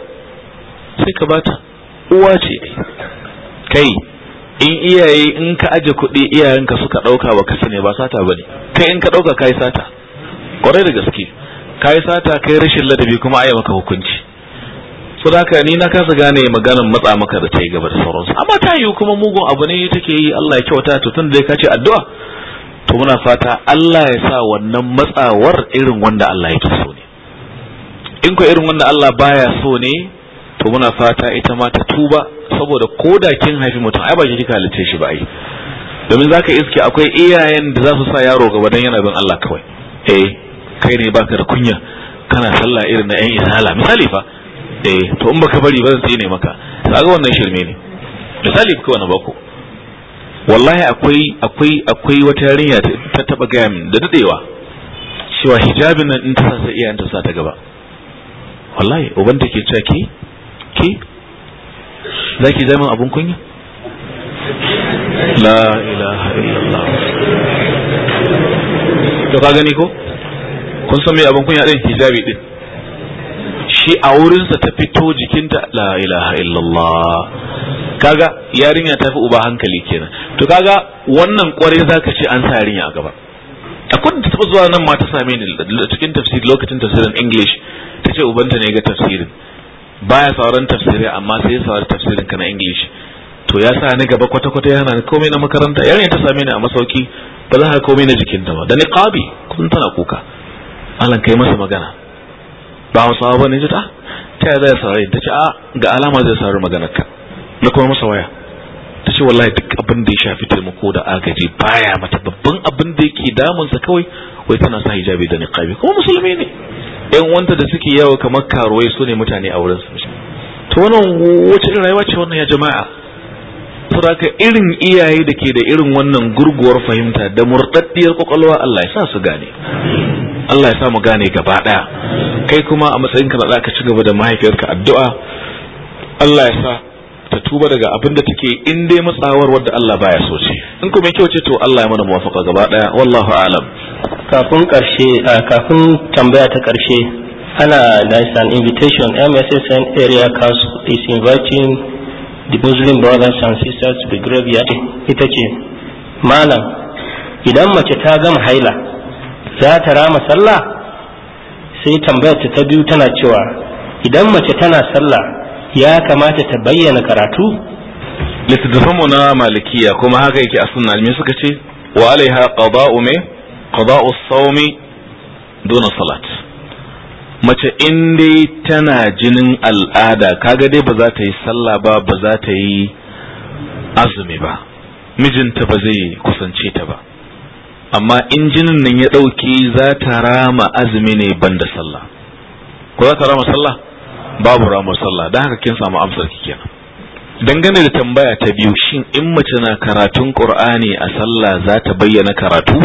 sai ka bata uwa ce kai in iyaye in ka aje kuɗi iyayenka suka ɗauka ba ka sani ba sata ba ne kai in ka ɗauka ka sata kwarai da gaske ka sata kai rashin ladabi kuma a maka hukunci Su da ni na kasa gane maganar matsa maka da ta yi gaba da sauransu amma ta yiwu kuma mugun abu ne take yi Allah ya kyauta to tun da ka ce addu'a to muna fata Allah ya sa wannan matsawar irin wanda Allah yake so ne in ko irin wanda Allah baya so ne to muna fata ita ma ta tuba saboda ko da kin haifi mutum ai ba shi kika halitta shi ba ai domin zaka iske akwai iyayen da za su sa yaro gaba dan yana bin Allah kawai eh kai ne baka da kunya kana sallah irin na yan isala misali fa eh to in baka bari ba zai ne maka kaga wannan shirme ne misali kawai wani bako wallahi akwai akwai akwai wata yarinya ta taba gaya min da dadewa cewa hijabin nan in ta sa iyayenta sa ta gaba wallahi uban take cewa ki ke za ki zama abun kunya la ilaha illallah to ka gani ko kun san me abun kunya din hijabi din shi a wurinsa ta fito jikinta la ilaha illallah kaga yarinya ta fi uba hankali kenan to kaga wannan kwarai zaka ce an sa yarinya a gaba akwai da taɓa zuwa nan ma ta same ni cikin tafsir lokacin tafsirin english ta ce ubanta ne ga tafsirin baya sauran tafsiri amma sai ya saurari tafsirin ka na english to ya sa ni gaba kwata-kwata yana ni komai na makaranta yana ta same ni a masauki ba za ka komai na jikin ta ba da niqabi kun tana kuka Allah kai masa magana ba hausawa ba ne ah, ta ta zai saurari ta ce a ah, ga alama zai saurari maganar ka na kuma masa waya ta ce wallahi duk abin da ya shafi taimako da agaji baya mata babban abin da yake damunsa kawai wai tana sa hijabi da niqabi kuma musulmi ne yan wanda da suke yawo kamar karuwai su ne mutane a wurin su to wannan wace irin rayuwa ce wannan ya jama'a saboda irin iyaye da ke da irin wannan gurguwar fahimta da murɗaɗɗiyar kwakwalwa Allah ya sa su gane Allah ya sa mu gane gaba ɗaya kai kuma a matsayinka da za ka ci gaba da mahaifiyarka addu'a Allah ya sa ta tuba daga abin da take in dai matsawar wadda Allah baya so ce in kuma kyau ce to Allah ya mana muwafaqa gaba daya wallahu alam kafin karshe kafin tambaya ta karshe ana there's an invitation MSSN area council is inviting the Muslim brothers and sisters to the graveyard ita ce malam idan mace ta gama haila za ta rama sallah sai tambayar ta biyu tana cewa idan mace tana sallah ya kamata ta bayyana karatu mu na malikiya kuma haka yake a sunna me suka ce wa alaiha qada'u me qada'u sawmi duna salat mace in dai tana jinin al'ada kaga dai ba za ta yi sallah ba ba za ta yi azumi ba mijinta ba zai kusance ta ba amma in jinin nan ya ɗauki za ta rama azumi ne banda sallah ko za ta rama sallah babu ramar sallah don haka kin samu amsar ki dangane da tambaya ta biyu shin in mace na karatun qur'ani a sallah za ta bayyana karatu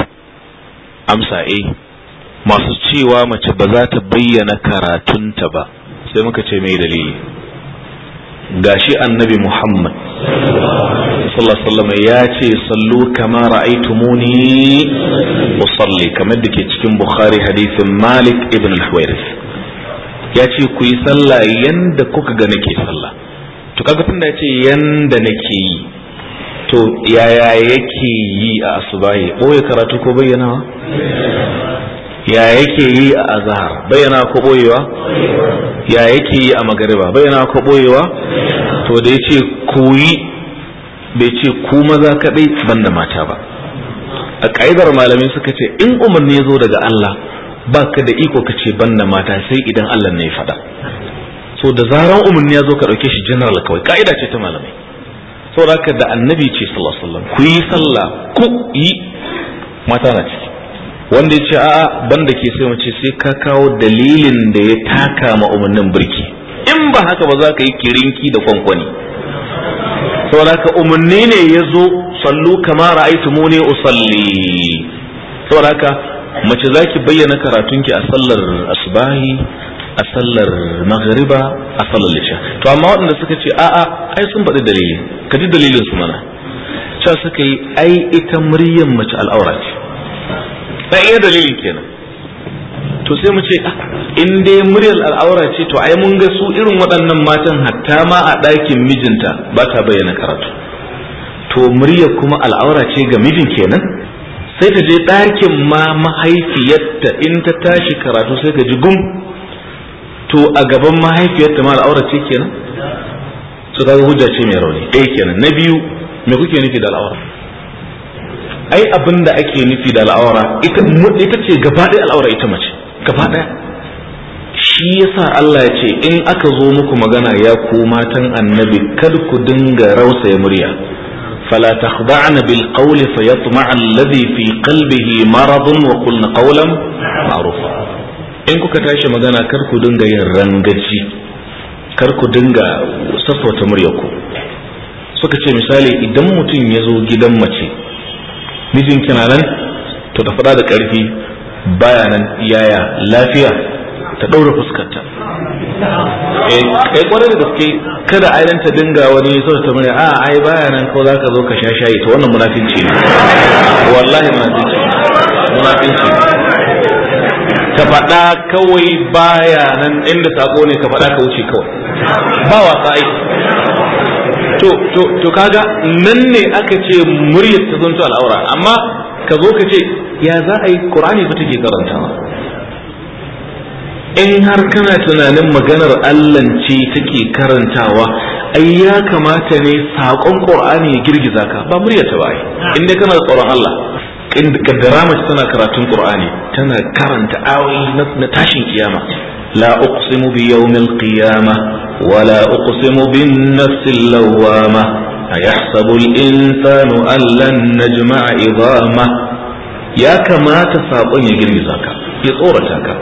amsa eh masu cewa mace ba za ta bayyana karatunta ba sai muka ce mai dalili gashi annabi muhammad sallallahu ya ce sallu kama ra'aitumuni usalli kamar da ke cikin bukhari hadisin malik ibn al-huwairis ya ce ku yi sallah yanda kuka ga nake sallah to kaga tunda ya ce yanda nake yi to yaya yake yi a asubahi ɓoye karatu ko bayyanawa ya yake yi a azhar bayyana ko boyewa ya yake yi a magariba bayyana ko boyewa to da yace ce ku yi bai ce ku maza kaɗai banda mata ba a ka'idar malamai suka ce in umarni ya zo daga Allah ba ka da iko ka ce ban na mata sai idan Allah ne ya faɗa so da zaran umarni ya zo ka ɗauke shi general kawai ka'ida ce ta malamai da ka da annabi ce sallallahu alaihi wasallam ku yi sallah ku yi mata na ciki wanda ya ce a'a da ke sai mace sai ka kawo dalilin da ya taka ma umarnin birki in ba haka ba za ka yi kirinki da kwankwani da ka umarni ne ya zo sallu kama ra'aytu muni usalli da ka mace za ki bayyana karatunki a sallar asubahi a sallar maghriba a sallar lisha to amma waɗanda suka ce a'a ai sun faɗi dalili ka ji dalilin su mana cewa suka yi ai ita muryan mace al'aura ce ba iya dalilin kenan to sai mu ce ah, in dai muryar al'aura ce to ai mun ga su irin waɗannan matan hatta ma a ɗakin mijinta ba ta bayyana karatu to muryar kuma al'aura ce ga mijin kenan sai ta je ɗakin ma mahaifiyarta in ta tashi karatu sai ta ji gum to a gaban mahaifiyarta ma al'aura ce kenan su ga hujja ce mai rauni ɗaya kenan na biyu me kuke nufi da al'aura ai abin da ake nufi da al'aura ita ce gaba ɗaya al'aura ita mace gaba ɗaya shi yasa Allah ya ce in aka zo muku magana ya ku matan annabi kada ku dinga rausaya murya فلا تخضعن بالقول فيطمع الذي في قلبه مرض وقلن قولا معروفا in kuka tashi magana kar ku dinga yin rangaji kar ku dinga sassauta muryarku suka ce misali idan mutum ya zo gidan mace mijin kina nan to ta faɗa da ƙarfi baya nan yaya lafiya ta ɗaura fuskarta eh kai eh, kwarai da gaske kada ainihin ta dinga wani so ta mune a ah, ai baya nan ko zaka zo ka sha shayi to wannan munafinci ne wallahi munafinci munafinci ka faɗa kawai baya nan inda sako ne ka faɗa ka wuce kawai ba wasa ai to to to kaga nan ne aka ce muryar ta zonto al'aura amma ka zo ka ce ya za a yi qur'ani ba take karantawa in har kana tunanin maganar Allah ce take karantawa ai ya kamata ne saƙon Qur'ani ya girgiza ka ba muryarta ba in dai kana tsoron Allah kaddara mace tana karatun Qur'ani tana karanta ayoyi na tashin kiyama la uqsimu bi yawmil qiyama wa la uqsimu bin nafsil lawwama ayahsabu al-insanu an lan najma'a idama ya kamata saƙon ya girgiza ka ya tsorata ka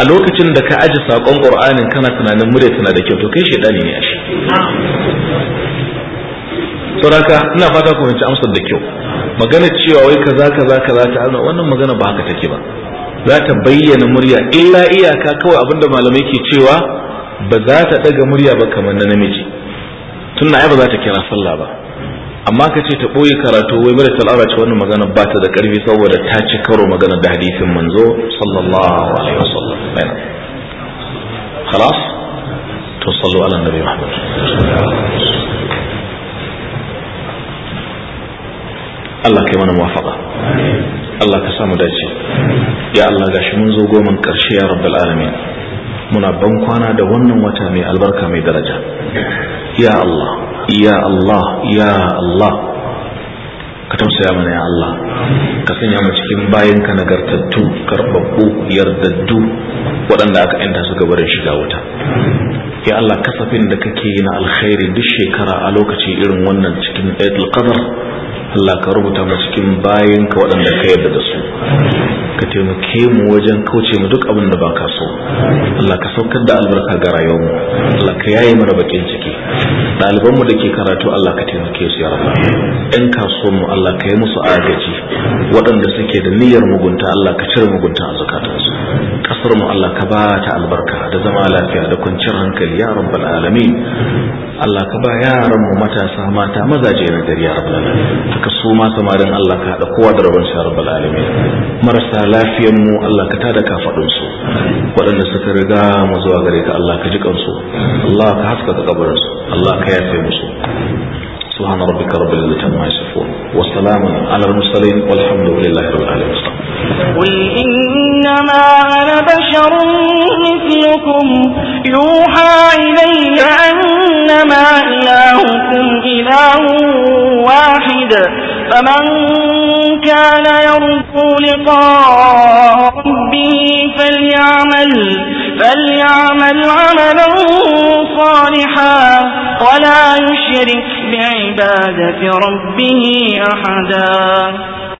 a lokacin da ka aji saƙon ƙur'anin kana tunanin murya tana da kyau to kai shaidani ne a shi ina fata ku fahimci amsar da kyau magana cewa wai kaza kaza kaza ta hana wannan magana ba haka take ba za ta bayyana murya illa iyaka kawai abinda malamai ke cewa ba za ta daga murya ba kamar na namiji tun na ba za ta kira sallah ba amma ka ce ta ɓoye karatu wai bari talaba ce wannan magana ba ta da ƙarfi saboda ta ci karo magana da hadisin manzo sallallahu alaihi wasallam bayan خلاص to sallu ala nabi muhammad Allah kai mana muwafaqa Allah ka samu dace ya Allah gashi mun zo goman karshe ya rabbal alamin muna ban kwana da wannan wata mai albarka mai daraja ya Allah ya Allah ya Allah ka tausaya mana ya Allah ka sanya mu cikin bayan ka nagartattu karbabbu yardaddu waɗanda aka yanta su gaba barin shiga wuta ya Allah kasafin da kake yi na alkhairi duk shekara a lokaci irin wannan cikin Eid al Allah ka rubuta mu cikin bayan ka waɗanda ka yarda da su ka taimake mu wajen kauce mu duk abin da ba ka so Allah ka saukar da albarka ga rayuwar mu Allah ka yaye mana bakin ciki ɗaliban mu da ke karatu Allah ka taimake su ya rabu. ɗan kasuwar mu Allah ka yi musu agaji waɗanda suke da niyyar mugunta Allah ka cire mugunta a zakatansu kasar mu Allah ka ba ta albarka da zama lafiya da kwanciyar hankali ya rabbal alamin Allah ka ba yaran mu matasa mata mazaje na gari ya rabbal alamin haka su ma samarin Allah ka haɗa kowa da rabon sa rabbal alamin marasa lafiyan mu Allah ka tada kafadun su waɗanda suka riga mu zuwa gare ka Allah ka ji kansu Allah ka haskaka kabarin su Allah ka yafe musu سبحان ربك رب العزة عما يصفون وسلام على المرسلين والحمد لله رب العالمين قل إنما أنا بشر مثلكم يوحى إلي أنما إلهكم إله فمن كان يرجو لقاء ربه فليعمل, فليعمل عملا صالحا ولا يشرك بعبادة ربه أحدا